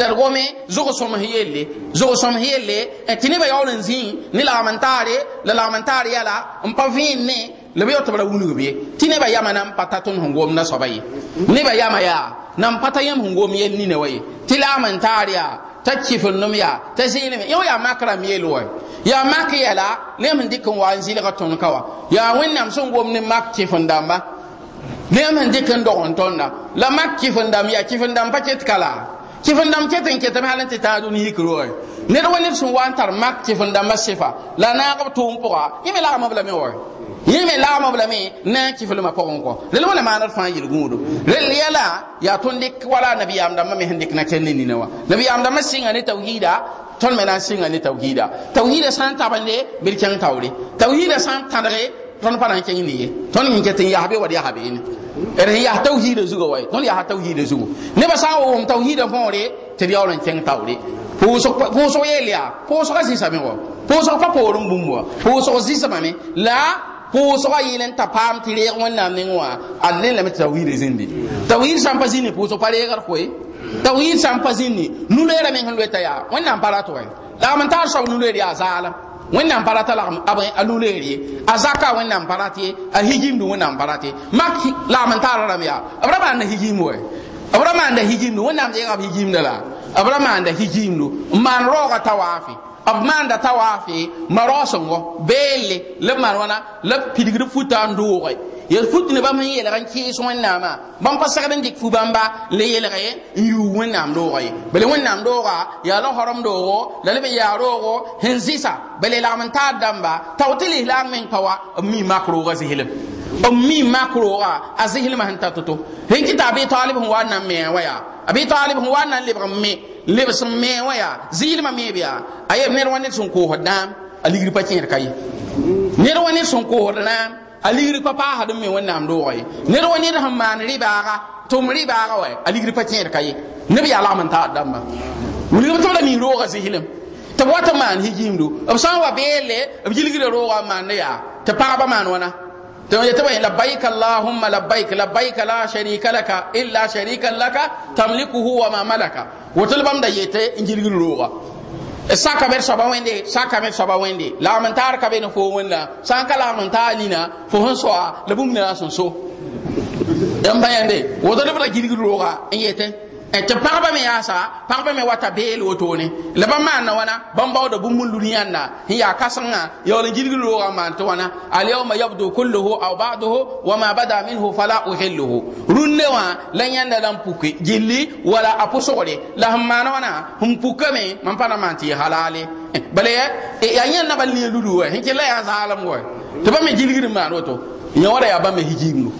la d gome zog-sõms yelle zog-sõms yelle tɩ nebã yaool n zĩ ne lagmentaare la lagmentaar yɛla n pa vẽen ne la b yaoo tɩ b ra wilgb ye tɩ nebã yama na n pa ta tõnd sẽn goom nasoaba ye nebã yama yaa na n pa ta yãmb sẽn goom yell nina wa ye tɩ lagmentaar yaa t'a kɩfen nom yaa t'a zẽenem yẽ wa yaa mak rãmb yeel wa yaa mak yɛla lemb n dɩk n wa n zɩlga tõnd ka wa yaa wẽnnaam sẽn goom ne mak kɩfen dãmba ne am hande kan dogon tonda la mak kifandam ya kifandam paket kala kifandam keten ketam halan ti tadu ni yikro ne do wani sun wantar mak kifandam masifa la na qab tum poa yime la ma bla me wo yime la ma bla me na ma pogon ko le wala ma na fa yil gudu le yala ya tondi wala nabi am dam me hendik na kenni ni nawa nabi am dam singa ni tawhida ton me na singa ni tawhida tawhida san tabande bil kan tawri tawhida san tandare ton pa na kenni ni ton ngetin ya habe wadi ya habe ni d n yas tawhiidã zugã wa tõnd yasa tawhiidã zugu nebã sã n wa wʋm tawhiidã võore tɩ d yaool n kẽng taoore pʋʋsg yeel yaa pʋʋsga zĩsame wa pʋʋsg pa poor n bũmb wa pʋʋsg zĩsmame la pʋʋsga yɩl n ta paam tɩ reeg wẽnnaam ning wã ad ne lame tɩ tawhiidã zĩndi tawhiid sã n pa zĩndi pʋʋsg pa reegr koe tawhiid sã n pa zĩndi nuleerã meng sẽn loeta yaa wẽnnaam pa ra tʋgẽ la m n taar soab nuleer yaa zaalem wẽnnaam pa rata lagm b aluleer ye a zaka wẽnnaam pa rat ye a higiimdu wẽnnaam pa rat ye mak lagm n taara rãmb yaa b ra maanda higiimd wɛ b ra maanda higiimdu wẽnnaam deega b higiimda la b ra maanda higiimdu n maan raooga tawaafe b maanda tawaafe ma raosengo beelle la b maan wãna la b pidgd futa n dooge ya fut ne bam yel ran ki so wanna ma bam pa sagan dik fu bamba le yel re yu wannam do re bele wannam do ra ya lo haram do ro la le ya ro ro hin zisa bele la man ta damba tawtili la men pawa mi makro ga zihil mi makro ga azihil ma hanta to hin ki ta be talib hu wannan me waya abi talib hu wannan libra me libs me waya zihil ma me biya ayi ne sun ko hodam aligri pa kin kai ne sun ko hodam a ligri er pa paasa dum mi wẽnnaam doog ye ned wa ned sẽn maan rɩbaaga tʋʋm rɩbaaga wɛ a ligri pa tẽedka ye neb yaalg mn taa dãmba wilgb tɩ b ra mi rooga zɩslem tɩ b wa tɩ maan higiimdo b sã n wa beelle b yilgra rooga n maanda yaa tɩ pagba maan wãna labaik allahumma labaik labaik la sharika laka illa sharika laka tamlikuhu wa ma malaka wotul bam da yete injil gulu roga saka ber saba wende saka ber saba wende la mentar ka ben fo wenda sanka la mentali na fo hon so la bum na son so dan bayande wodo le bla gidi roga en yete ete pagba me yaasa pagba me wata beel wotone la bãmb maanna wãna bãmb baooda bũmb n lun yãnda n yaa kãsengã yaool n gilgr roogã n maan tɩ wãna alyauma yabdu kulluhu aw ba'duhu wa ma bada minhu fala uhilluhu runne wa la nyanda la puke jilli wala a pʋsgre la sẽn wana hum puke me man pana e, na maan tɩ halale. halaale ya yaa yẽnda bal nia lulu wɛ sẽn kella yaa zaalem wa to ba me gilgr n maan woto yã wara yaa me higiimdu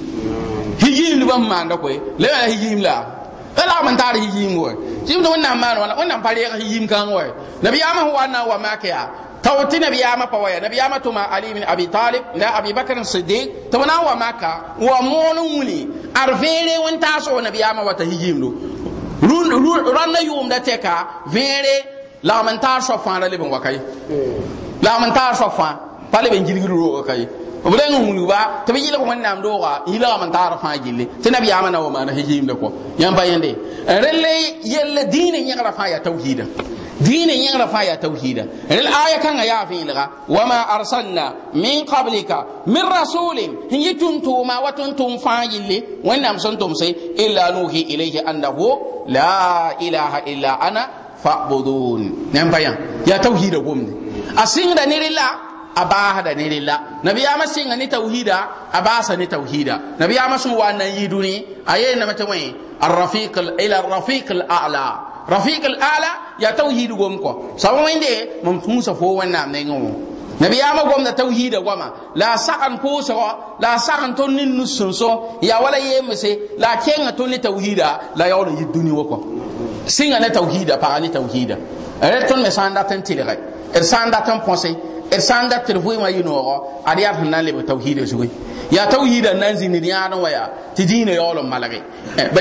higiimd ba maanda da la yaa higiim la ala man tar yim wo tim don nan man wala wannan pare yim kan wo nabiyama huwa na wa makiya tawti nabiyama pa waya nabiyama tuma ali bin abi talib na abi bakr siddiq to na wa maka wa monun muni arvere won taso ma wata yim do run run na yum da teka vere la man tar so fa ra le bin wakai la man tar so fa pale ben jirgiru wakai وبلغ منو با تبي هناك من نام هناك يلا من تعرف هناك جيلي تنبي هناك منا وما هناك لكو يام هناك رلي يل هناك يعرف هاي هناك دين يعرف هناك توحيد رل هناك كان يا هناك لغا وما هناك من قبلك من رسول هي تنتو ما وتنتم فاجلي وين نام سنتم سي إلا نوحي إليه أنه لا إله إلا أنا فاعبدون نعم بايان يا توحيد قومني أسينغ دا نيري abahada ne lilla nabiyama singa ni tawhida abasa ni tawhida nabiyama sun wa nan yiduni aye na mata wai arrafiq ila arrafiq al'a rafiq al'a ya tawhid gom ko sabo wende mun funsa fo wannan ne ngo nabiyama gom da tawhida goma la sa'an ko so la sa'an ton nin nusun so ya wala ye muse la kenga ton ni tawhida la yawla yiduni wako singa na tawhida pa ni tawhida retton me sanda tan tilgai er sanda tan ponse d sã n dat tɩ d vɩɩmã yɩ noogɔ ad yaa sẽn na n lebg tawhiidã zugu yaa tawhiidã n na n zĩnd d yãadẽ wã yaa tɩ dĩinã yaool n malge ba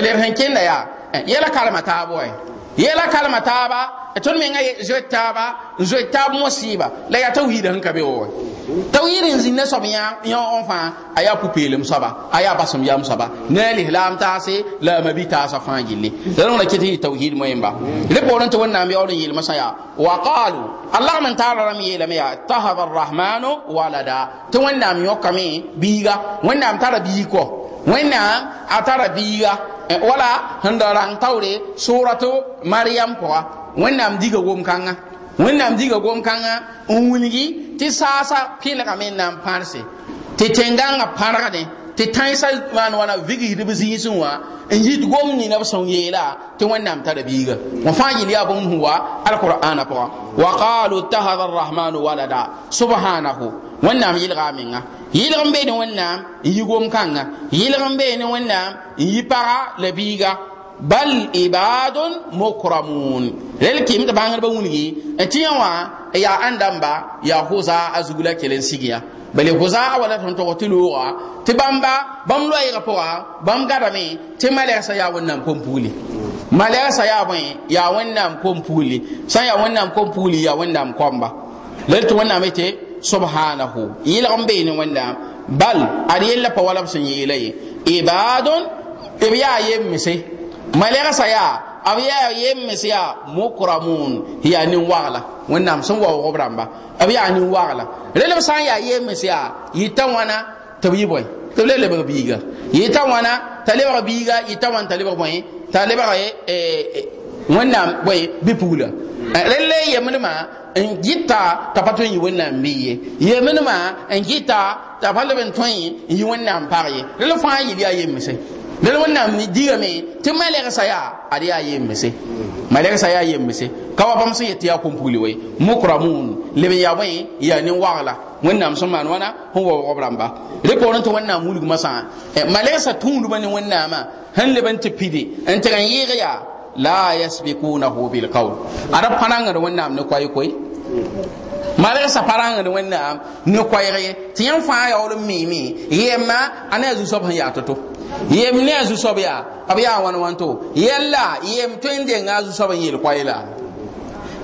yela kalma taaba ton me ngai zo taaba zo taab musiba la ya tawhid han kabe o tawhid in zinna so biya yo onfa aya pupelem musaba aya basum yam musaba ne li lam taase la mabi taasa fangille dalon la kiti tawhid mo yamba le boron to wonna mi awon yil masaya wa qalu allah man taala ram yela ya tahaba arrahmanu walada to wonna mi okami biga wonna am tara bi ko wẽnnaam uh, a tara biiga eh, wala sẽn da rãng taoore sʋʋrato mariyam pʋga wẽnnaam um, diga wom-kãngã wẽnnaam um, diga gom-kãngã n wilgi tɩ saasa pɩlgame n na n pãrse tɩ tẽngãngã pãrgdẽ tɩ tãensa maan wãna vigsd b zĩisẽ wã n yit gom nina b sẽn yeela tɩ wẽnnaam tara biiga wã fãa yel yaa bũmb sẽn wa alqur'ana pʋga wa qalu tahada arrahmanu walada subhanahu wẽnnaam yɩlga a menga yɩlg n be ne wẽnnaam n yi gom kãnga yɩlg n be ne wẽnnaam n yi paga la biiga bal ibadun mukramun rel kɩm tɩ bãngdbã wilgi tɩ yã wã hosa a zugla kell bale ko zaa wala ton to wotilu wa ti bamba bam loye ga poa bam garami ti male sa ya wannan pompuli male sa ya bon ya wannan pompuli sa ya wannan pompuli ya wannan le to wannan mi te subhanahu yila on ni wanda bal ari yella pa wala bsin yila ibadun ibiya se male sa ya ab yaa yemmes yaa mukramun ya ni wẽnnaam sẽn sun gob rãmba b yaa ninwagla rel b sã n yaa yemmes yaa yɩta wãna tɩ b yɩ bõe tɩ b le lebg biiga yɩta wãna t'a lebg biiga yɩta wãn t'a lebg bõe t'a lebg wẽnnaam bõe bipugla rel le yemdmã n t'a pa tõe n yɩ wẽnnaam bɩ in yemdmã t'a pa leb n tõe n yɩ wẽnnaam pag ye rel e, e, e, fãa dẽl wẽnnaam digame tɩ malgsa yaa ad yaa yembse malgsa yaa yembse ka wa bãmb sẽn yetɩ yaa kõmpugli we mukramun eh, leb n yaa bõe yaa nin-wagla wẽnnaam sẽn maan wãna sẽn wa wogb rãmba rẽ paoorẽ tɩ wẽnnaam wilgmã sãa malgsa tũudbã ne wẽnnaamã sẽn leb n tɩ pidi n tɩg n yɩɩg yaa la yasbikunahu bilqaul ada pa rãngd wẽnnaam ne koɛy koe malg saparãngd wẽnnaam ne-koɛɛge tɩ yãmb fãa yaool n miime yemma a ne a zu-soab sẽn yaa to-to yem ne a zu-soab yaa b yaa wãn wãn to yɛlla yem tõe n denga a zu-soab n yeel koɛɛ la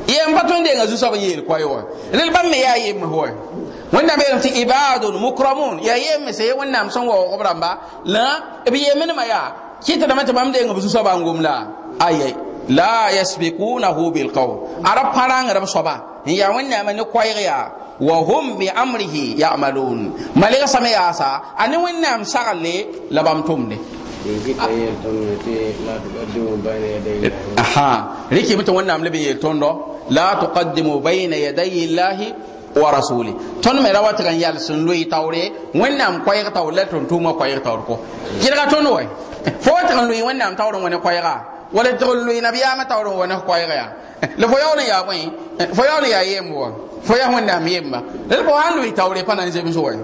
yem pa tõe n denga zu-soab n yeel koɛɛ wa rel bãmb me yaa yemms wɛ wẽnnaam yeelame tɩ ibadun mukramun yaa yemmes ye wẽnnaam sẽn waoog rãmba la b yemnema yaa kɩtdame tɩ bãmb denga b zu-soabã n gomla ayay la yasbiqunahu bil qawl ara parang rab soba ya wanda man koyr ya wa hum bi amrihi ya'malun malika sama ya sa ani wanda am sagalle labam tumne aha riki mutum wanda am labi tondo la tuqaddimu bayna yadayi llahi wa rasuli ton me rawata kan yal sun loyi tawre wanda am koyr tawla tun tuma koyr tawko kira ton wai fo ta kan loyi wanda am tawron wani koyra wala tol lui nabi ama tawro wona ko ayga le fo ya bwen ya yembo fo ya wonda mi yemba le fo han lui tawre pana ni zebi soye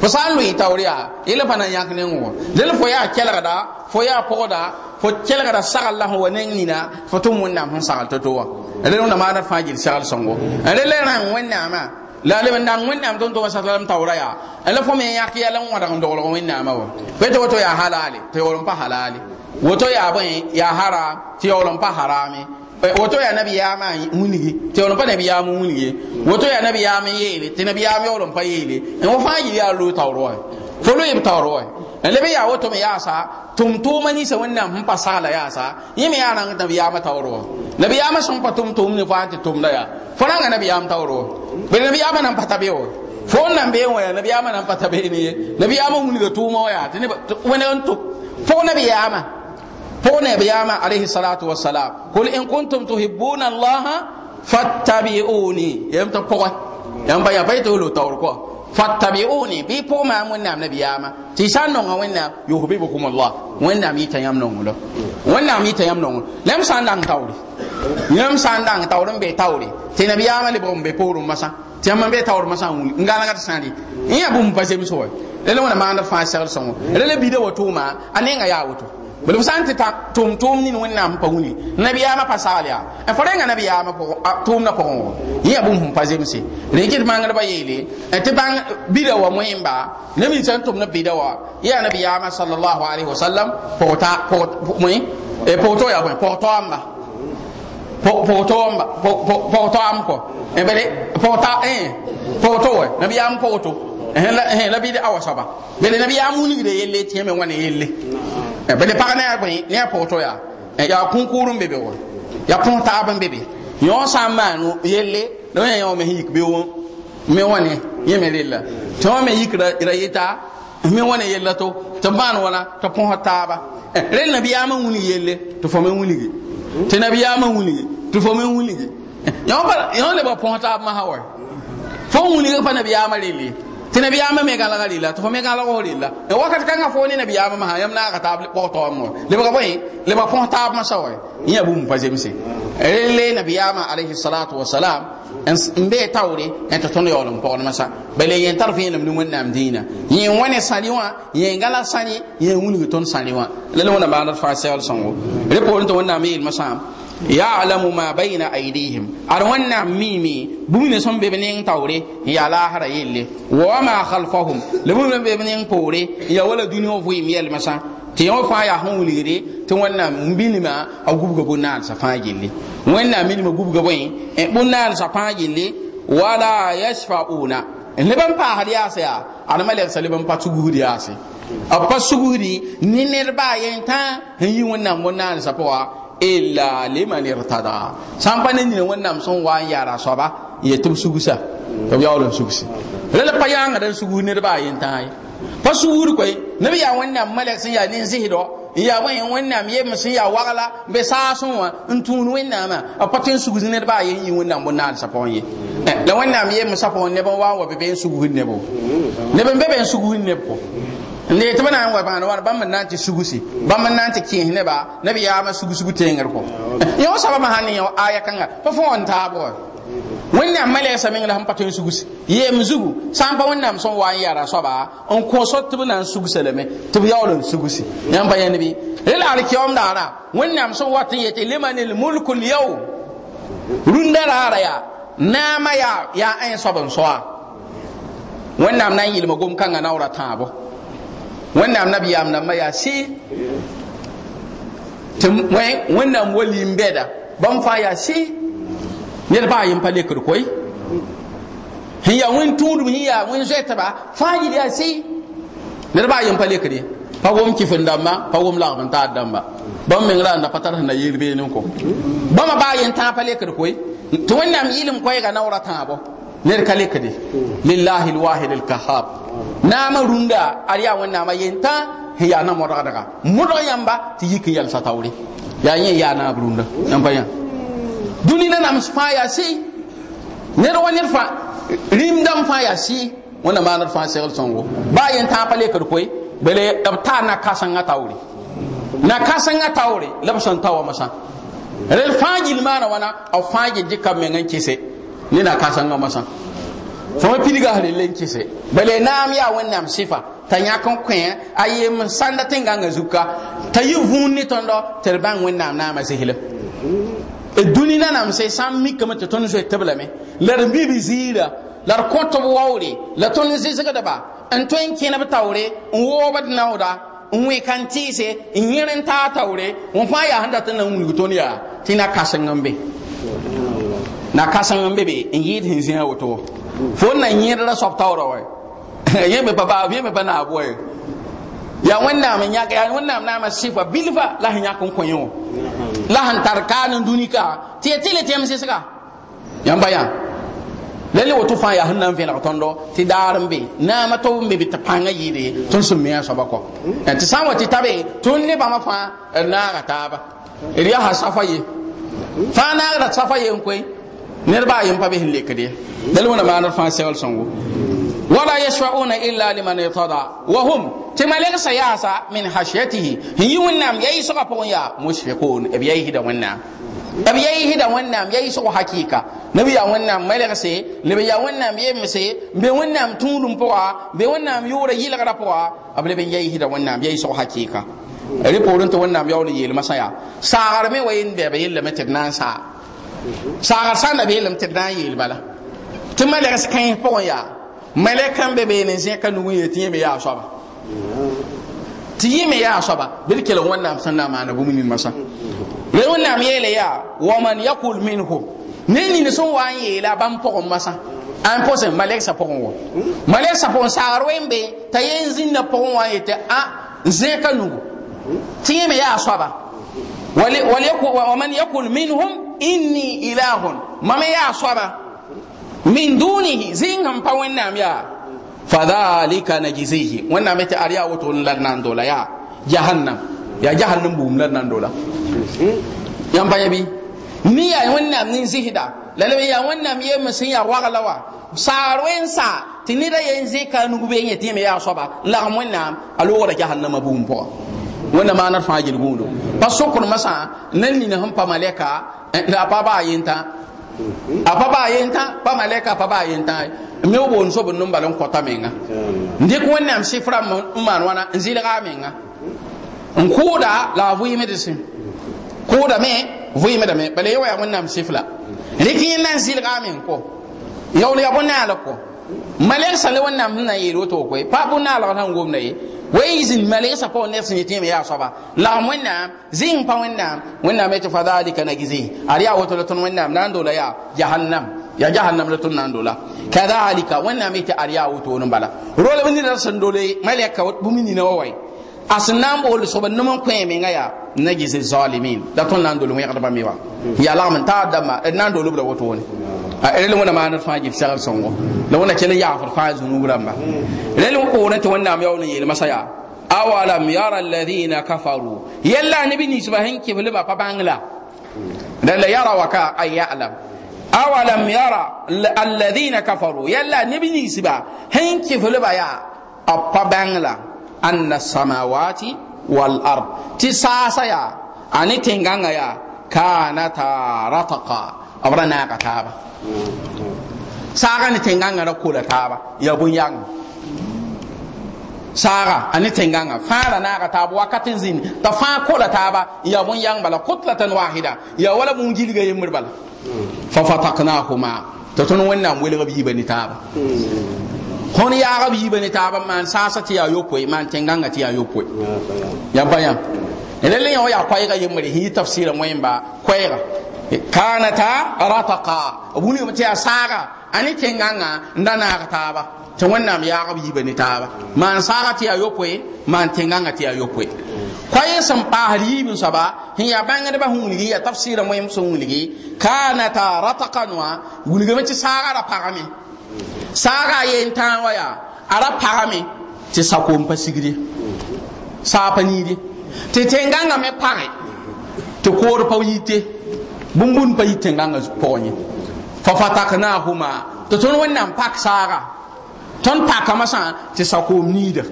fo san lui tawre ya pana yank ne ngo le fo ya kelgada fo ya pogoda fo kelgada sagal la ho nen nina fo tum wonda hun sagal to to le wonda ma na fajil sagal songo le le ran wonna ma la le wanda wonna am don to wa sallam tawra ya ele fo me yakya lan wada ndogolo wonna ma wa weto to ya halali to pa halali woto ya bõe yaa haram tɩ yaool n pa harame woto ya nabiyaamã wilgi tɩ yaool n pa nabiyaam wilge woto ya nabiyaam n yeele tɩ nabiyaam yaool n pa yeele n e, wa fãa yɩl yaa loog taoor wa fo loeb taoor wa e, lebe yaa woto me yaasa tʋm-tʋʋmã ninsã wẽnnaam sẽn pa sagla yaasa yẽ me yaa rãng nabiyaamã taoor wa nabiyaamã sẽn pa tʋm-tʋʋm ne fãa tɩ tʋmda yaa fo rãnga nabiyaam taoor wa bɩd nabiyaamã nan pa tabe wa fo n nan bee wẽya nabiyaamã nan pa tabe ne ye nabiyaamã wilga tʋʋmã wa yaa tɩ wẽneg n tʋk fog nabiyaamã pʋg yaama alayhi salatu salam. kul in kuntum tuhibuna allaha fattabi'uni yam tɩ pʋgɛ yãmb pa ya pa yetɩ fo lotɔgr fattabi'uni bɩ y pʋg maam wẽnnaam nabiyaama tɩ y sã n nonga wẽnnaam yuhbibukum allah wẽnnaam yɩta yãmb nonglã wẽnnaam yɩta yãmb nonglã la yãmb sã n dãng taoore yãmb sã n dãng taoor n be taoore tɩ nabiyaama lebg n be poorẽ masã tɩ yãmb be taoor masã n wuli n gãlga tɩ sã n rɩ n wa rela wẽna maand d fãa segl sõngo rela bida wa tʋʋma bal b sã n tɩ tʋʋm tʋʋm nin wẽnnaam pa wuni nabiyaamã pa saal yaa n e fa rẽnga nabiyaamã tʋʋmdã pʋgẽ wã yẽ bũmb sẽn pa zemse rẽ kɩt bãngdbã yeele tɩ bãng bida wa moẽmba ne min sẽn tʋmd bida wa yaa nabiyaamã salallahu alaihi wasallam pʋgto yaa bõe pʋg kɔ bɩre pʋg ta nabiyaam pʋgto la eh, bɩd a soaba bɩre nabiyaam wilgde yelle tɩ yẽ me wa yelle Eh, bale pag ne ya bõe ne a pʋg toya y'a kũ-kuurẽ eh, be be wa yaa kõs taab n be be yõ sã n maan yelle la wã yã me yik be wõ me wa ne yẽ me rella tɩ wã me yik ra yeta me wa ne yella to tɩ maan wãna tɩ põsa taaba eh, rel nabiyaamã wilg yelle tɩ fo me wilge tɩ nabiyaamã wilge tɩ fo me wilge yõ lebg põs taab masã wa fo wilg pa nabiyaamã relle tɩ nabiyaamã me galga rela tɩ fo me galgo rela n e wakat kãngã fo ne nabiyaamã masã yãmb naaga taab pog taoam wã lebga bõe lebga põs taab masã wa yẽ yaa bũmb pa zemse relle nabiyaamã alayhi salatu wasalam n bee taoore n tɩ tõnd yaool n pʋgd masã bala yẽn tar f yẽlem ne wẽnnaam dĩinã yẽ wẽne sãri wã yẽ gala sãri yẽ wilg tõnd sãri wã la la wẽna maand fãa sɛgl repoor tɩ wẽnnaam yeelmã sãam ya'lamu ma bayna aydihim ar wanna mimi bumne son be ne tawre ya la hara yelle wa ma khalfahum le bumne be benen pore ya wala dunyo fu yel masa ti yo fa ya hon lire ti wanna mbilima a gubga bonan sa fa gille wanna mbilima gubga boyin e bonan sa fa gille wala yashfauna le ban pa har ya sa ana malek saliban pa tugudi ya ase. a pa sugudi ni nerba yen ta yi wannan bonan sa pa illa liman irtada san pa ne ni wannan sun wa yara so ba ya tum sugusa to ya wala sugusi lalla pa yanga dan sugu ne ba yin ta yi pa sugur ko nabi ya wannan malak sun ya nin sihido ya wen wannan ye musun ya wagala be sa sun wa ntun wannan ma a patin sugusi ne ba yin yin wannan bunna sa pon ye eh, la wannan ye sa pon ne ba wa be be sugu ne bo ne be be sugu ne bo ne tɩ b na n wa bãan wãn bãmb n na n tɩ sugsi bãmb n na n tɩ kẽes ma neb yaamã sugsg teengr kɔ yẽ wã soabã sãn ne yẽ aya kãnga pa fõ n taab wa wẽnnaam malɛɛsã meng la sẽn pa tõe n sugsi yeem zugu sã n pa wẽnnaam sẽn wa n yara soaba n kõs tɩ b na n sugsa lame tɩ b yaool n sugsi yãmb pa yẽnd bɩ rel alkiaoom daara wẽnnaam sẽn wat n yetɩ leman l mulku l yao rũndã raara yaa naamã yaa yaa ãe soab n soa wẽnnaam na n yɩlma gom-kãngã naoora tãabo wẽnnaam nabiyaam nambã amna sɩɩ tɩ wẽnnaam woliim wali mbeda fãa yaa ya si pãa yem pa lekr koy sẽn yaa wẽn-tũudum sẽn yaa wẽn zeta ba yɩl yi sɩɩ ned paa ba pa lekr ye pa wʋm kɩf n dãmba pa wʋm lagb n taad dãmba bãmb meng raanda pa tar sẽn na yirbe beene n kɔ bãmba paa yen tã pa lekr koy tɩ wẽnnaam yɩl n koɛɛga ba. ner kale kade lillahi alwahid alkahhab nama runda ariya wanna ma yenta hiya na modaga daga mudo yamba ti yiki yal satawri ya yin ya na runda yamba ya duni na nam spa ya si ner wanir fa rim dam fa ya si wanna ma ner fa sai songo ba yenta pale kar koy bele ta na kasanga tawri na kasanga tawri labsan tawa masa rel fajil mana wana au fajil dikam men se ne na kasanga masa fo pidga hare lenkise bale nam ya wannan sifa ta nya yakan kwen ayi mun sanda tinga ga zuka ta yi vunni tondo terban wannan e na ma sihila e na nam sai sam mi kama to tonu zoi tabla me lar bi zira lar koto wawre la ton zizga da ba an to yanke na tawre wo bad oda n we kan ti n yẽr n ta taoore wõ fa ya handa datɩ na wilg tõnd tina tɩ na na kasan bebe be be n yɩɩd sẽn zĩã woto fo n na yẽedra soab taoora wa yẽ me pa baab yẽ me pa naab wa yaa wẽnnaam yãk yaa wẽnnaam naama sɩfa bilfa la sẽn yãk n kõ yẽ wã la sẽn tar kaan n dũnika tɩ ya tɩ le tẽm sɩsga yãmba yã la le woto fãa yaa sẽn na n vẽlg tõndo tɩ daar n be naama tob n be be tɩ pãngã yɩɩde tõnd sẽn me a soaba kɔ tɩ sã n wa tɩ ta be ne bãmbã fãa d naaga taaba d yaa safa ye fãa naagra safa ye n koe nerba ayi pa be hille kade dal wona ma nar fa sewal songo wala yashfa'una illa liman yatada wa hum timalaka sayasa min hashiyatihi hi wannan yayi so ka pon ya mushfiqun abi yayi da wannan abi yayi da wannan yayi so hakika nabi ya wannan malaka se nabi ya wannan yayi mise be wannan tulum poa be wannan yura yila kara poa abi be yayi da wannan yayi so hakika riporin to wannan yawo yele masaya sagar me wayin da be yele metin nan sa sagar san da belem tɩ d na n yeel bala tɩ pʋgẽ yaa malɛkã be zẽka nugẽ tɩ yẽ me yaa soaba tɩ yẽ me yaa soaba bɩ d kelg wẽnnaam sẽn na n maana bũmb wẽnnaam yeele yaa waman yakul ne nin wa n yeela bãmb pʋgẽ masã an pʋsẽ malɛgsã pʋgẽ wa malɛgsã pʋgẽ wẽn be t'a pʋgẽ wã n zẽka inni ilahun mame ya soaba min dunihi zingam pa wẽnnaam ya, fadhalika najzihi wẽnnaam tɩ ar yaa woto la d dola yaa jahannam ya jahannam bu la d na dola yãmb pa yẽ ni ya yaa wẽnnaam nin-zɩsda la leb n yaa wẽnnaam yeem wa galawa sarwen sa tinira yen zɩka nug bee yẽ ya yẽme yaa soaba n lagm wẽnnaam a wanda ma d fãa yel gũudo pa sokr-mã sã nan nina han pa malɛka eh, da a pa baa yentã a pa ba yinta pa malɛka a pa baa yentã me wo boond so n nan bala n kɔta menga n ko wẽnnaam am rãmb n wana wãna n zɩlga a menga n koda la a medicine koda me vɩɩmdame bala ye wa yaa wẽnnaam sɩf la rɩk yẽ nan n zɩlga a meng kɔ yaool ya kɔ malek sale wannan sẽn na eh. n eh. yeel woto koe pa bõn naalg sãn gomda ye wa y zĩnd malgsã pa ne sẽn yɩ tẽeme yaa soaba lagm wẽnnaam zĩng pa wẽnnaam wẽnnaam yetɩ fa dhalika na ad yaa woto la tõnd wẽnnaam na dola ya? jahannam ya jahannam latun nan na n dola kadhalika mai ta ari ya wato nan bala Role bin nina san dole malɛka bũmb nina wa way wai. sẽn na so bool soab num me ngaya na yaa nagiz zalimin la tõnd na n dol wẽgdbã me ya la lagm ta dama eh, nan d na n wato wotoone a rel wẽna maan d fãa gɩb segb sõngo la wẽna kell n yaafd fãa zũnub rãmba rel n koone tɩ wẽnnaam yaool n yeel masã yaa awalam yara alladina kafaru yella nebi ninsba sẽn kɩblba pa bãngla la yara waka a yalam awalam yara alladina kafaru yella nebi ninsba sẽn kɩblba yaa a pa bãngla anna samawati wal ard tɩ saasa yaa a ne tẽngãngã yaa kanata rataka b ra naaga taaba saaga ne tẽngãngã ra kola taaba ya bõn yagẽ saaga a ne tẽngãngã fãa ra naaga taab wakat n zĩnd t'a fãa kola taaba n ya bõn yagẽ bala kotlatan wahida ya wala bũmb gilga yembr bala fa fataknahuma t'a tõnd wẽnnaam welgb yiiba ne taaba hon yaagb yiiba bani taaba maan saasa ti yaa yopoe man tẽngãngã tɩ yaa yopoe ya pa yã rel yã wa yaa koɛɛgã yembre sẽn yɩ tafsɩɩrã wẽmba koɛɛga kanata rataqa buni mti asaga ani tenganga ndana taaba to wannan ya gabi bani taba man saga ti ayopwe man tenganga ti ayopwe kwaye san pahari bin saba hin ya banga da bahun ya tafsira mu yimsun wuligi kanata rataqan wa ga mti saga ra pagami saga yen tan waya ara pagami ti sakom pasigiri sa panidi ti tenganga me pare to ko kor pawite bũmb pa yit tẽngãngã pʋgẽ ye fa fataknaahuma tɩ tõnd wẽnnaam pak saaga tõnd pakame sã ti sakoom niida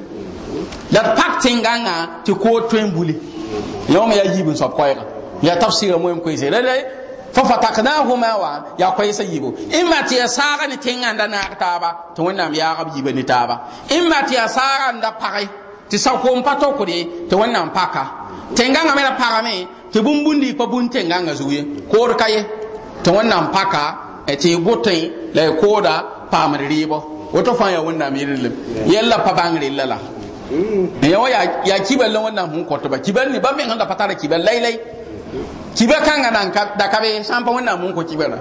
la d pak tẽngãngã tɩ koog tõe n bule yã wame yaa yiib n Ya koɛɛgã yaa tafsira moem koese rele fa fataknaahuma wa ya koɛɛsa yiibo ẽ ma tɩ yaa ni ne tẽngãnda naag taaba tɩ wẽnnaam yaagb yiiba ne taaba ẽ ma tɩ yaa saaga n da page tɩ sakoom pa tokde tɩ wẽnnaam paka tẽngãngã me la pagame te bumbundi pa bunte nganga zuye kor kaye to ka ye tɩ wẽnnaam paka tɩ y bʋtẽ la koda kooda paamd rɩɩbɔ woto fãa yaa wẽnnaam yellem yalla pa bangri lala la hmm. ya wa ya kibal wannan wẽnnaam sẽn kõtba kibal ni ba meng sẽn da pa tara kibal kanga nan ka da ka be sã pa wannan mun ko kibala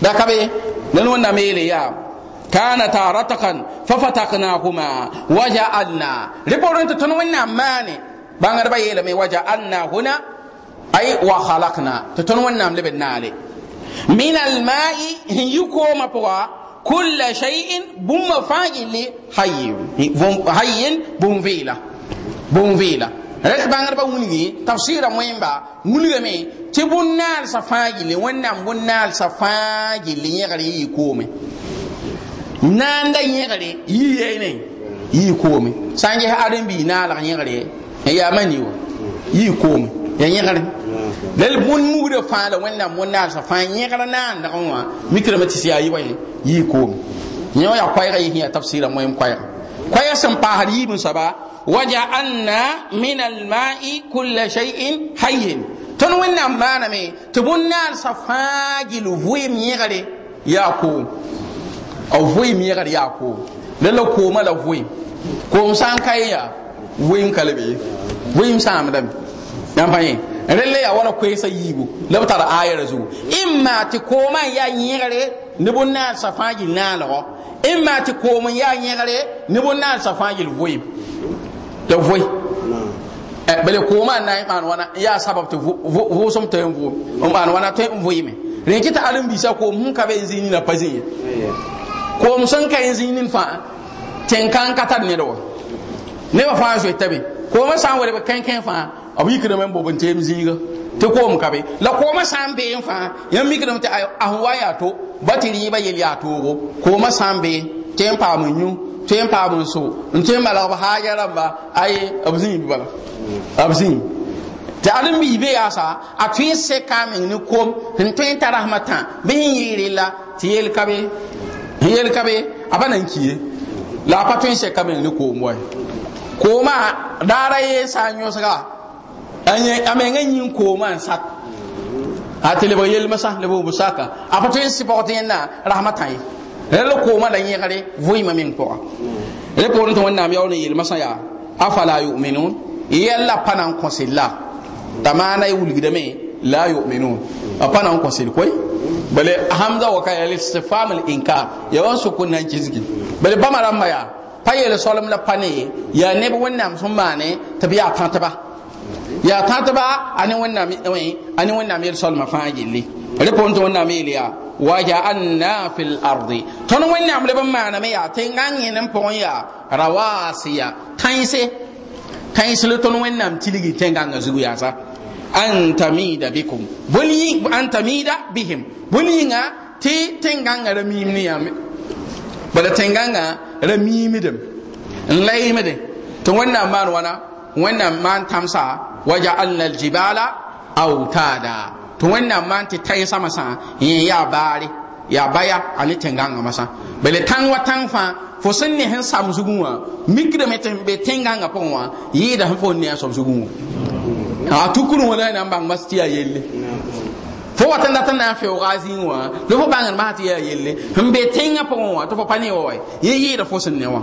da ka be dẽn ya yeele yaa kana taratakan huma waja'alna repoorẽ tun tõnd wẽnnaam maane bayela yeelame waja'alna huna ay wa khalaqna to ton wannam lebe naale min al ma'i yuko ma poa kulla shay'in bumma fa'ili hayyin hayyin bumvila bumvila rek bangar ba wuni tafsira moyimba wuni me ti bunnal safajili wannam bunnal safajili yagari yi kome nanda yagari yi yene yi kome sanje ha adambi na la yagari ya maniwa yi kome ya yẽgr lal mun nuudã fãa la wẽnnaam wẽnnaasã fãa yẽgr naan wã mikrame tɩ sẽn yaa yɩ koome yẽ wã yaa koɛɛgã yɩ tabsɩɩrã koɛɛgã sẽn paasd wajaalna min almai shay'in tõnd wẽnnaam maaname tɩ bõn-naansã fãa gill vɩɩm yẽgre yaa koom a vɩɩm yẽgr yaa koom la la la vɩɩm koom sã n ka vɩɩm ka nan pa yin rille ya wala ko sai yibu la tar ayar zu imma ti ko man ya yingare ni bun na safaji na lo imma ti ko man ya yingare ni bun na safaji to voy voyi eh, bale ko man na man wana ya sabab to vo som to vo man wana to voyi me rin kita alin bisa ko mun ka be zini na pazin ko mun san ka zini fa tenkan katar ne do ne ba fa so tabe ko ma san wale ba kankan fa a wikda men bobin tem ziga ti kom kabe la koma san be fa yan mikdam ta ahwa ya to batiri ba yel ya to go koma san be tem pa mun yu tem pa mun so tem ba la ha ya ramba ai abzin ba abzin ta alim bi be ya sa a tin se kamin ni kom tin tin ta rahmatan bin yiri la ti yel kabe yel kabe abanan kiye la patin se kamin ni kom ko koma dara ye sanyo saka amẽngã yĩn koomã ko man a atele lebg yelma sã le boobu saka a pa tõe n sɩ pʋg tɩ yẽnna rasmã tã ye rẽ e la koomã ko yẽgre vɩɩmã meng pʋga rẽ poorẽ tɩ wẽnnaam yaool n yelmã sã afala yuminun yɛlla pa na n tamana tamaana y la yuminun a pa na n koy bale hamza wa ka yal istifham al inkar ya wan sukun nan bale ba maran maya pa yel solum la pane ya ne bu wannan sun mane tabiya kan ba ya ba ani wannan mi ani wannan mai sol ma fa gilli to wannan mai liya wa ja'alna fil ardi ton wannan amle ban mana mai ya tingan yin pon ya rawasiya kaise kaise le ton wannan tiligi tengan zugu ya sa anta mida bikum buli anta mida bihim buli nga ti tengan ra mim ni ya bala tengan ra mimidem nlaimide to wannan man wana wẽnnaam maan tãmsa wa ja'alna aljibala autada wannan wẽnnaam maan tɩ sama sa yẽ ya baare ya baya a tenganga tẽngãngã masã bele tan wa tan fa fo sẽn ne sẽn sam zugunwa wã mikdame be tẽngãngã pʋgẽ wã yɩɩda fo n ne a sõm zugẽ a tukuru wã na n bãng fo wa tan tan na fe o gazi wa lo fo bangan ma ti ya yelle hum be tinga po wa to fo pani wa ye yi da fo sun ne wa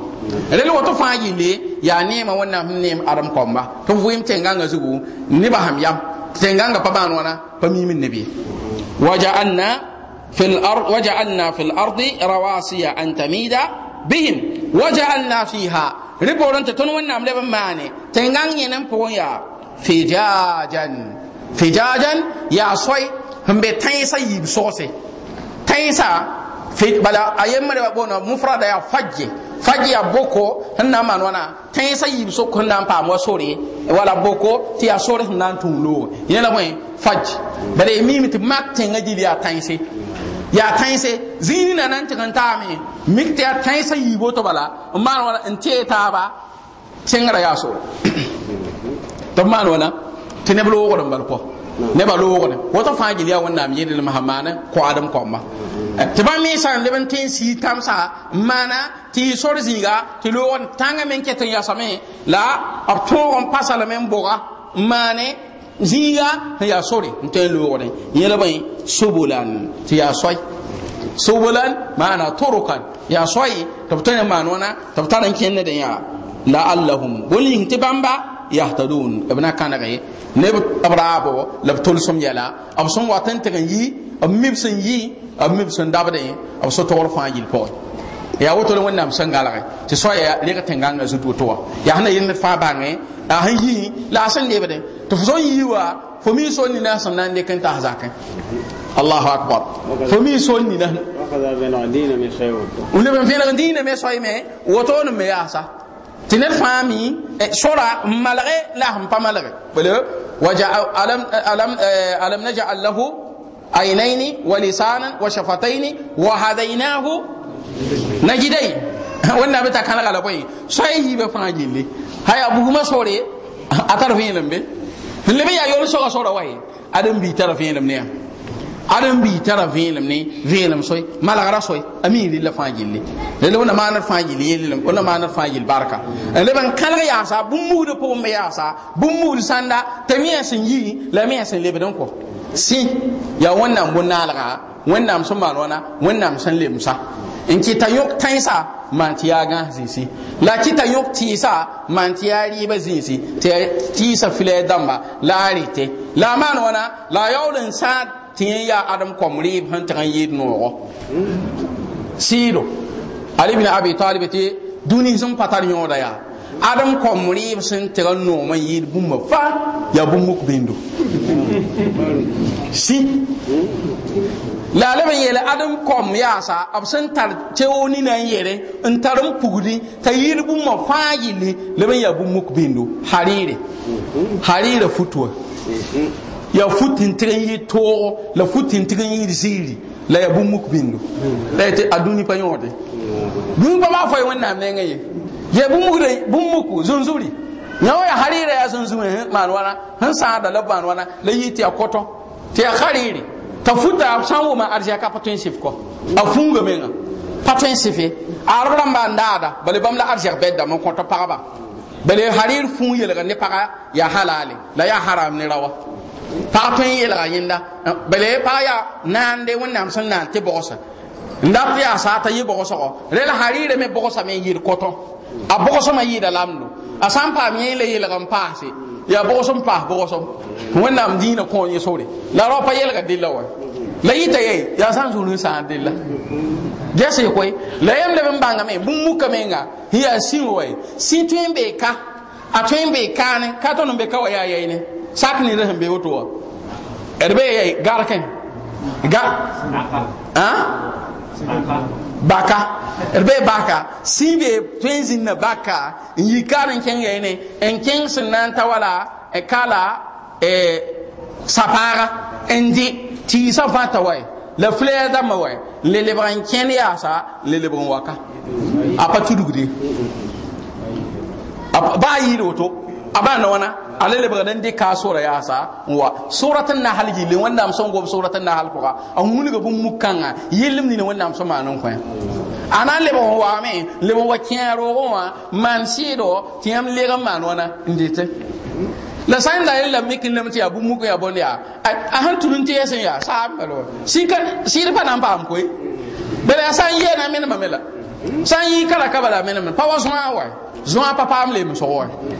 le lo to fa yi le ya ne ma wannan hum ne aram komba to fu yim tenga ga zugu ne ba ham yam tenga ga pa ban wana pa mi min nabi waja'alna fil ard waja'alna fil ardi rawasiya an tamida bihim waja'alna fiha riboran ta ton wannan le ban mane tenga ne nan po ya fijajan fijajan ya soy n be tãensa sose sogse fi bala a yembr wa boona mufrada ya fajje fajje ya boko n na n maan wãna so yiib sok n mu n paam sore e wala boko tɩ ya sor nan na n tũum loog yẽla bõe fajj bala y e miime tɩ mak tẽngã dil yaa ya yaa tãense na nan tɩg n mi mik ya yaa tãensa yiib woto bala n maan wãna ta ba taaba sẽngra ya sore tɩ b maan wãna tɩ neb ko n bal ko. neba loogre woto fãa gil yaa wẽnnaam yɩdl masã maana koadem kɔmba tɩ bãmb me sã n leb n tẽen sii tãmsa n maana tɩ y sor zĩiga tɩ loogr tãngã me n ket n yasame la b tõog n pasalame n boga n maane zĩiga n yaa sore n tõe n loogre yẽl bõe sobolan tɩ yaa soy sobolan maana torokan yaa soy tɩ b tõe n maan wãna tɩ b tar n kẽndd yaa la allahum bõn ling tɩ bãmba yahtadun b na kãnege neb b raabo la b tolsem yɛla b sẽn wat n tɩg n yi b mib sẽn yi b mib sẽn dabdẽ b so-togr fãa yil pʋgẽ yaa woto la wẽnnaam sẽn galge tɩ soa ya reg tẽngãngã zut woto wã yaa sẽn na yɩl ned fãa bãngẽ a sẽn yi la a sẽn lebde tɩ fo sõn yi wa fo mi sol nina sẽn na n dɩk n tas zakẽ allahu akbar fo mi sol nina wleb n vẽlg dĩinã me soayme wotoon me yaasa Ti ned fãa mi eh, sora n malge la sẽn pa malge eh, eh, alam najal lahu wa wa shafataini wa hadainahu t'a sore a tar tara ne adan bi tara velam ne velam soy malagara soy ami li la fajil fangilli le wona ma na fajil fangilli le wona ma na fajil barka le ban kalga ya sa bumudu po me ya sa bumudu sanda tamiya sin yi la miya sin le bedon ko si ya wona wannan wona wannan sun malona wannan sun lemsa n kɩta yõk tãensa maan tɩ yaa gãas zĩisi la kɩta yõk tɩɩsa maan tɩ yaa rɩɩbã zĩisi tɩ tɩɩsa ti dãmba la a damba la ari te la man wona la n sãad tɩ yẽ yaa adam kom rɩɩb sẽn tɩg n yɩɩd noogo sɩɩdo ali abi talib tɩ dũni sẽn pa tar yõoda yaa adam kom rɩɩb sẽn tɩg n noom n yɩɩd bũmba fa yaa bũmb-k bĩndo si la leb n yeele adam kom yaasa b sẽn tar teo na n yere n tar n pugdi t'a yɩɩd bũmba fãa yɩlle leb n yaa bũmb-k bendo harire harɩɩra futu ya futin tirin yi toro la futin tirin yi ziri la ya bumuk bindu la ya te aduni pa yode dun ba ma fay wonna me ngaye ya bumuk re bumuk zunzuri nyawo ya harira ya zunzuri eh, man wana han sa da la wana la yi ti akoto ti ya hariri ta futa sanwo ma arja ka patun sif ko afunga me nga patun a arbran da da bale bam la arja bedda mon ko to bale harir fun yelga ne paga ya halale la ya haram ne rawa pag tõe n yelga yẽnda bele pag yaa naande wẽnnaam sẽn na n tɩ bɔgsa n dat yaa saa t'a yɩ bɔgsgɔ rel harɩɩrã me bɔgsame n yɩɩr kõtõ a yi yɩɩda lamdo a sã n paam yẽ la yelg n paase yaa bɔgs n paas bɔgsm wẽnnaam dĩinã kõo yẽsore la rao pa yelga della wa la yita ye yaa sã n zũr n sã n della gɛse koy la yem leb n bãngame bũmb muka menga sẽn yaa sĩn wa ye sĩ tõe n be ka a tõe n bee kaane ka tõnd n be ka wa yaa yɛɩne sak ne sẽn be woto wa d be garkẽ ga ha baka erbe baka sibe be na baka yi kan n kẽng ne en kẽng sẽn na n ta kala e n dɩ ti fãa ta wa la fulɛɛ dãmbã wa le lebg ken ya sa le lebg waka a tudugde ba yi yɩɩr woto abana wana alele baga nan de ka sura ya sa wa suratan nahl ji le wanda am son go suratan nahl ko an muli go bum mukanga yelim ni wanda am so manan ko ana le bon wa me le bon wa tiaro go wa man sido tiam le ga man wana ndete la san da kin mikin lam ti abu mugo ya bon ya a han tunun ti yesen ya sa amalo sin kan sin pa nan pa am ko bele san ma men mamela san yi kala kabala men pa a wa zuwa pa paam le mso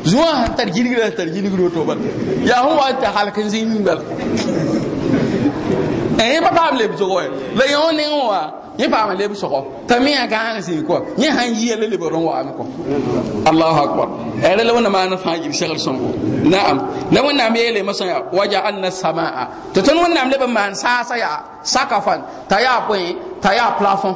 zuwa han tar gilgira tar gilgira to ban. ya hu wa ta halkin zin bal eh pa paam le mso wa Le yon ne wa ni paam le mso ko ta mi ga han sin ko ni han yi le le boron wa ko allahu akbar eh le wona ma na fa gi shagal son ko na'am la wona me le masa ya waja anna samaa to tan wona am le ba man sa sa ya sakafan ta ya point ta ya plafon.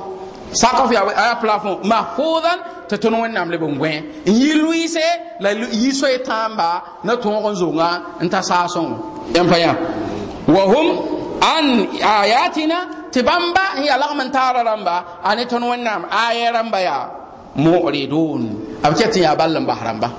sakaf ya aya plafond mahfudan tɩ tõnd wẽnnaam leb n gõe n yɩ luɩɩse la yiso y e tamba na tõog n zʋnga n ta saasõngo yãmb pa wa hum an ayatina tɩ bãmba n yaa lagm n taara rãmba a ne tõnd wẽnnaam aaya rãmba yaa mu'ridun b ket n yaa ball n bas rãmba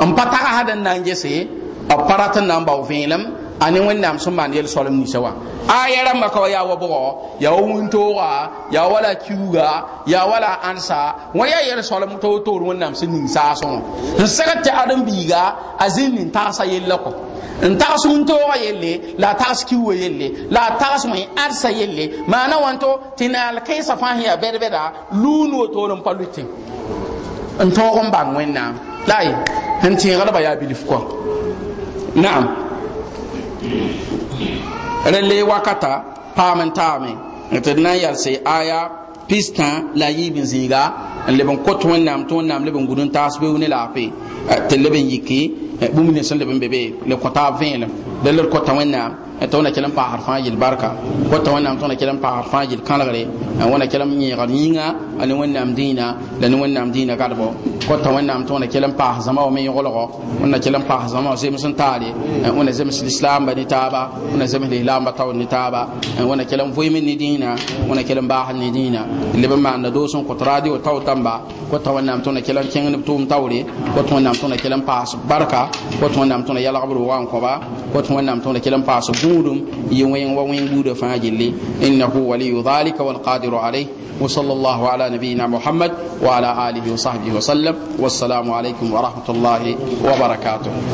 n pa tagsd n na n gese b ani wẽnnaam sẽn maan yel-soalem ninsã wã aya rãmbã ka wa yaa wa bʋgɔ yaa wa wĩntooga yaa wala kiuga yaa wala ansa wã yaa yel-soalem tɩ toor wẽnnaam sẽn ning saasẽ wã n segd tɩ ãdem-biiga a zĩnd nin tagsa yella kɔ n tags wĩntooga yelle la a tags kiuga yelle la a tags wẽ ãdsa yelle maana wã to tɩ naal kɩɩsã fãa sẽn yaa bɛd-bɛda luun wotoor n pa lʋɩtẽ n tõog n bãng wẽnnaam la ye n tẽegdbã yaa bilf kɔ naam rele wakata paam n taame tɩ d na n yalse aya pistã la a yiib n zĩiga n leb n kot wẽnnaam tɩ wẽnnaam leb n gũd n taas beoog ne laafɩ eh, tɩ leb n yiki eh, bũmb nins n leb n be be leb kõ taab vẽelem la d kota wẽnnaam ta wẽna kell n paasd fãa yel barka kota wẽnnaam tɩ wẽna pa n paasd fãa yel kãlgre wẽna kell n yẽegd yĩnga a ne wẽnnaam dĩinã la ne wẽnnaam dĩinã gadbɔ kota wẽnnaam tɩ wẽna pa n paas zãma wame yʋglgɔ wẽna kell n paas zãma zems n taare wẽna zems lislaamba ne taaba wẽna zems lislaamba taood ne taaba wẽna kell n voeem ne dĩinã wẽna kell n baasd ne dĩinã leb n maanda doos n kʋt radio tao tãmba kota wẽnnaam tɩ wẽna kell n kẽng neb tʋʋm taoore kot wẽnnaam tɩ wẽna kell n paas barka kot wẽnnaam tɩ wẽna yalgbr wʋga n kõba kot wẽnnaam tɩ wẽna kell n paas مودم يوين ووين بود فاجلي إنه ولي ذلك والقادر عليه وصلى الله على نبينا محمد وعلى آله وصحبه وسلم والسلام عليكم ورحمة الله وبركاته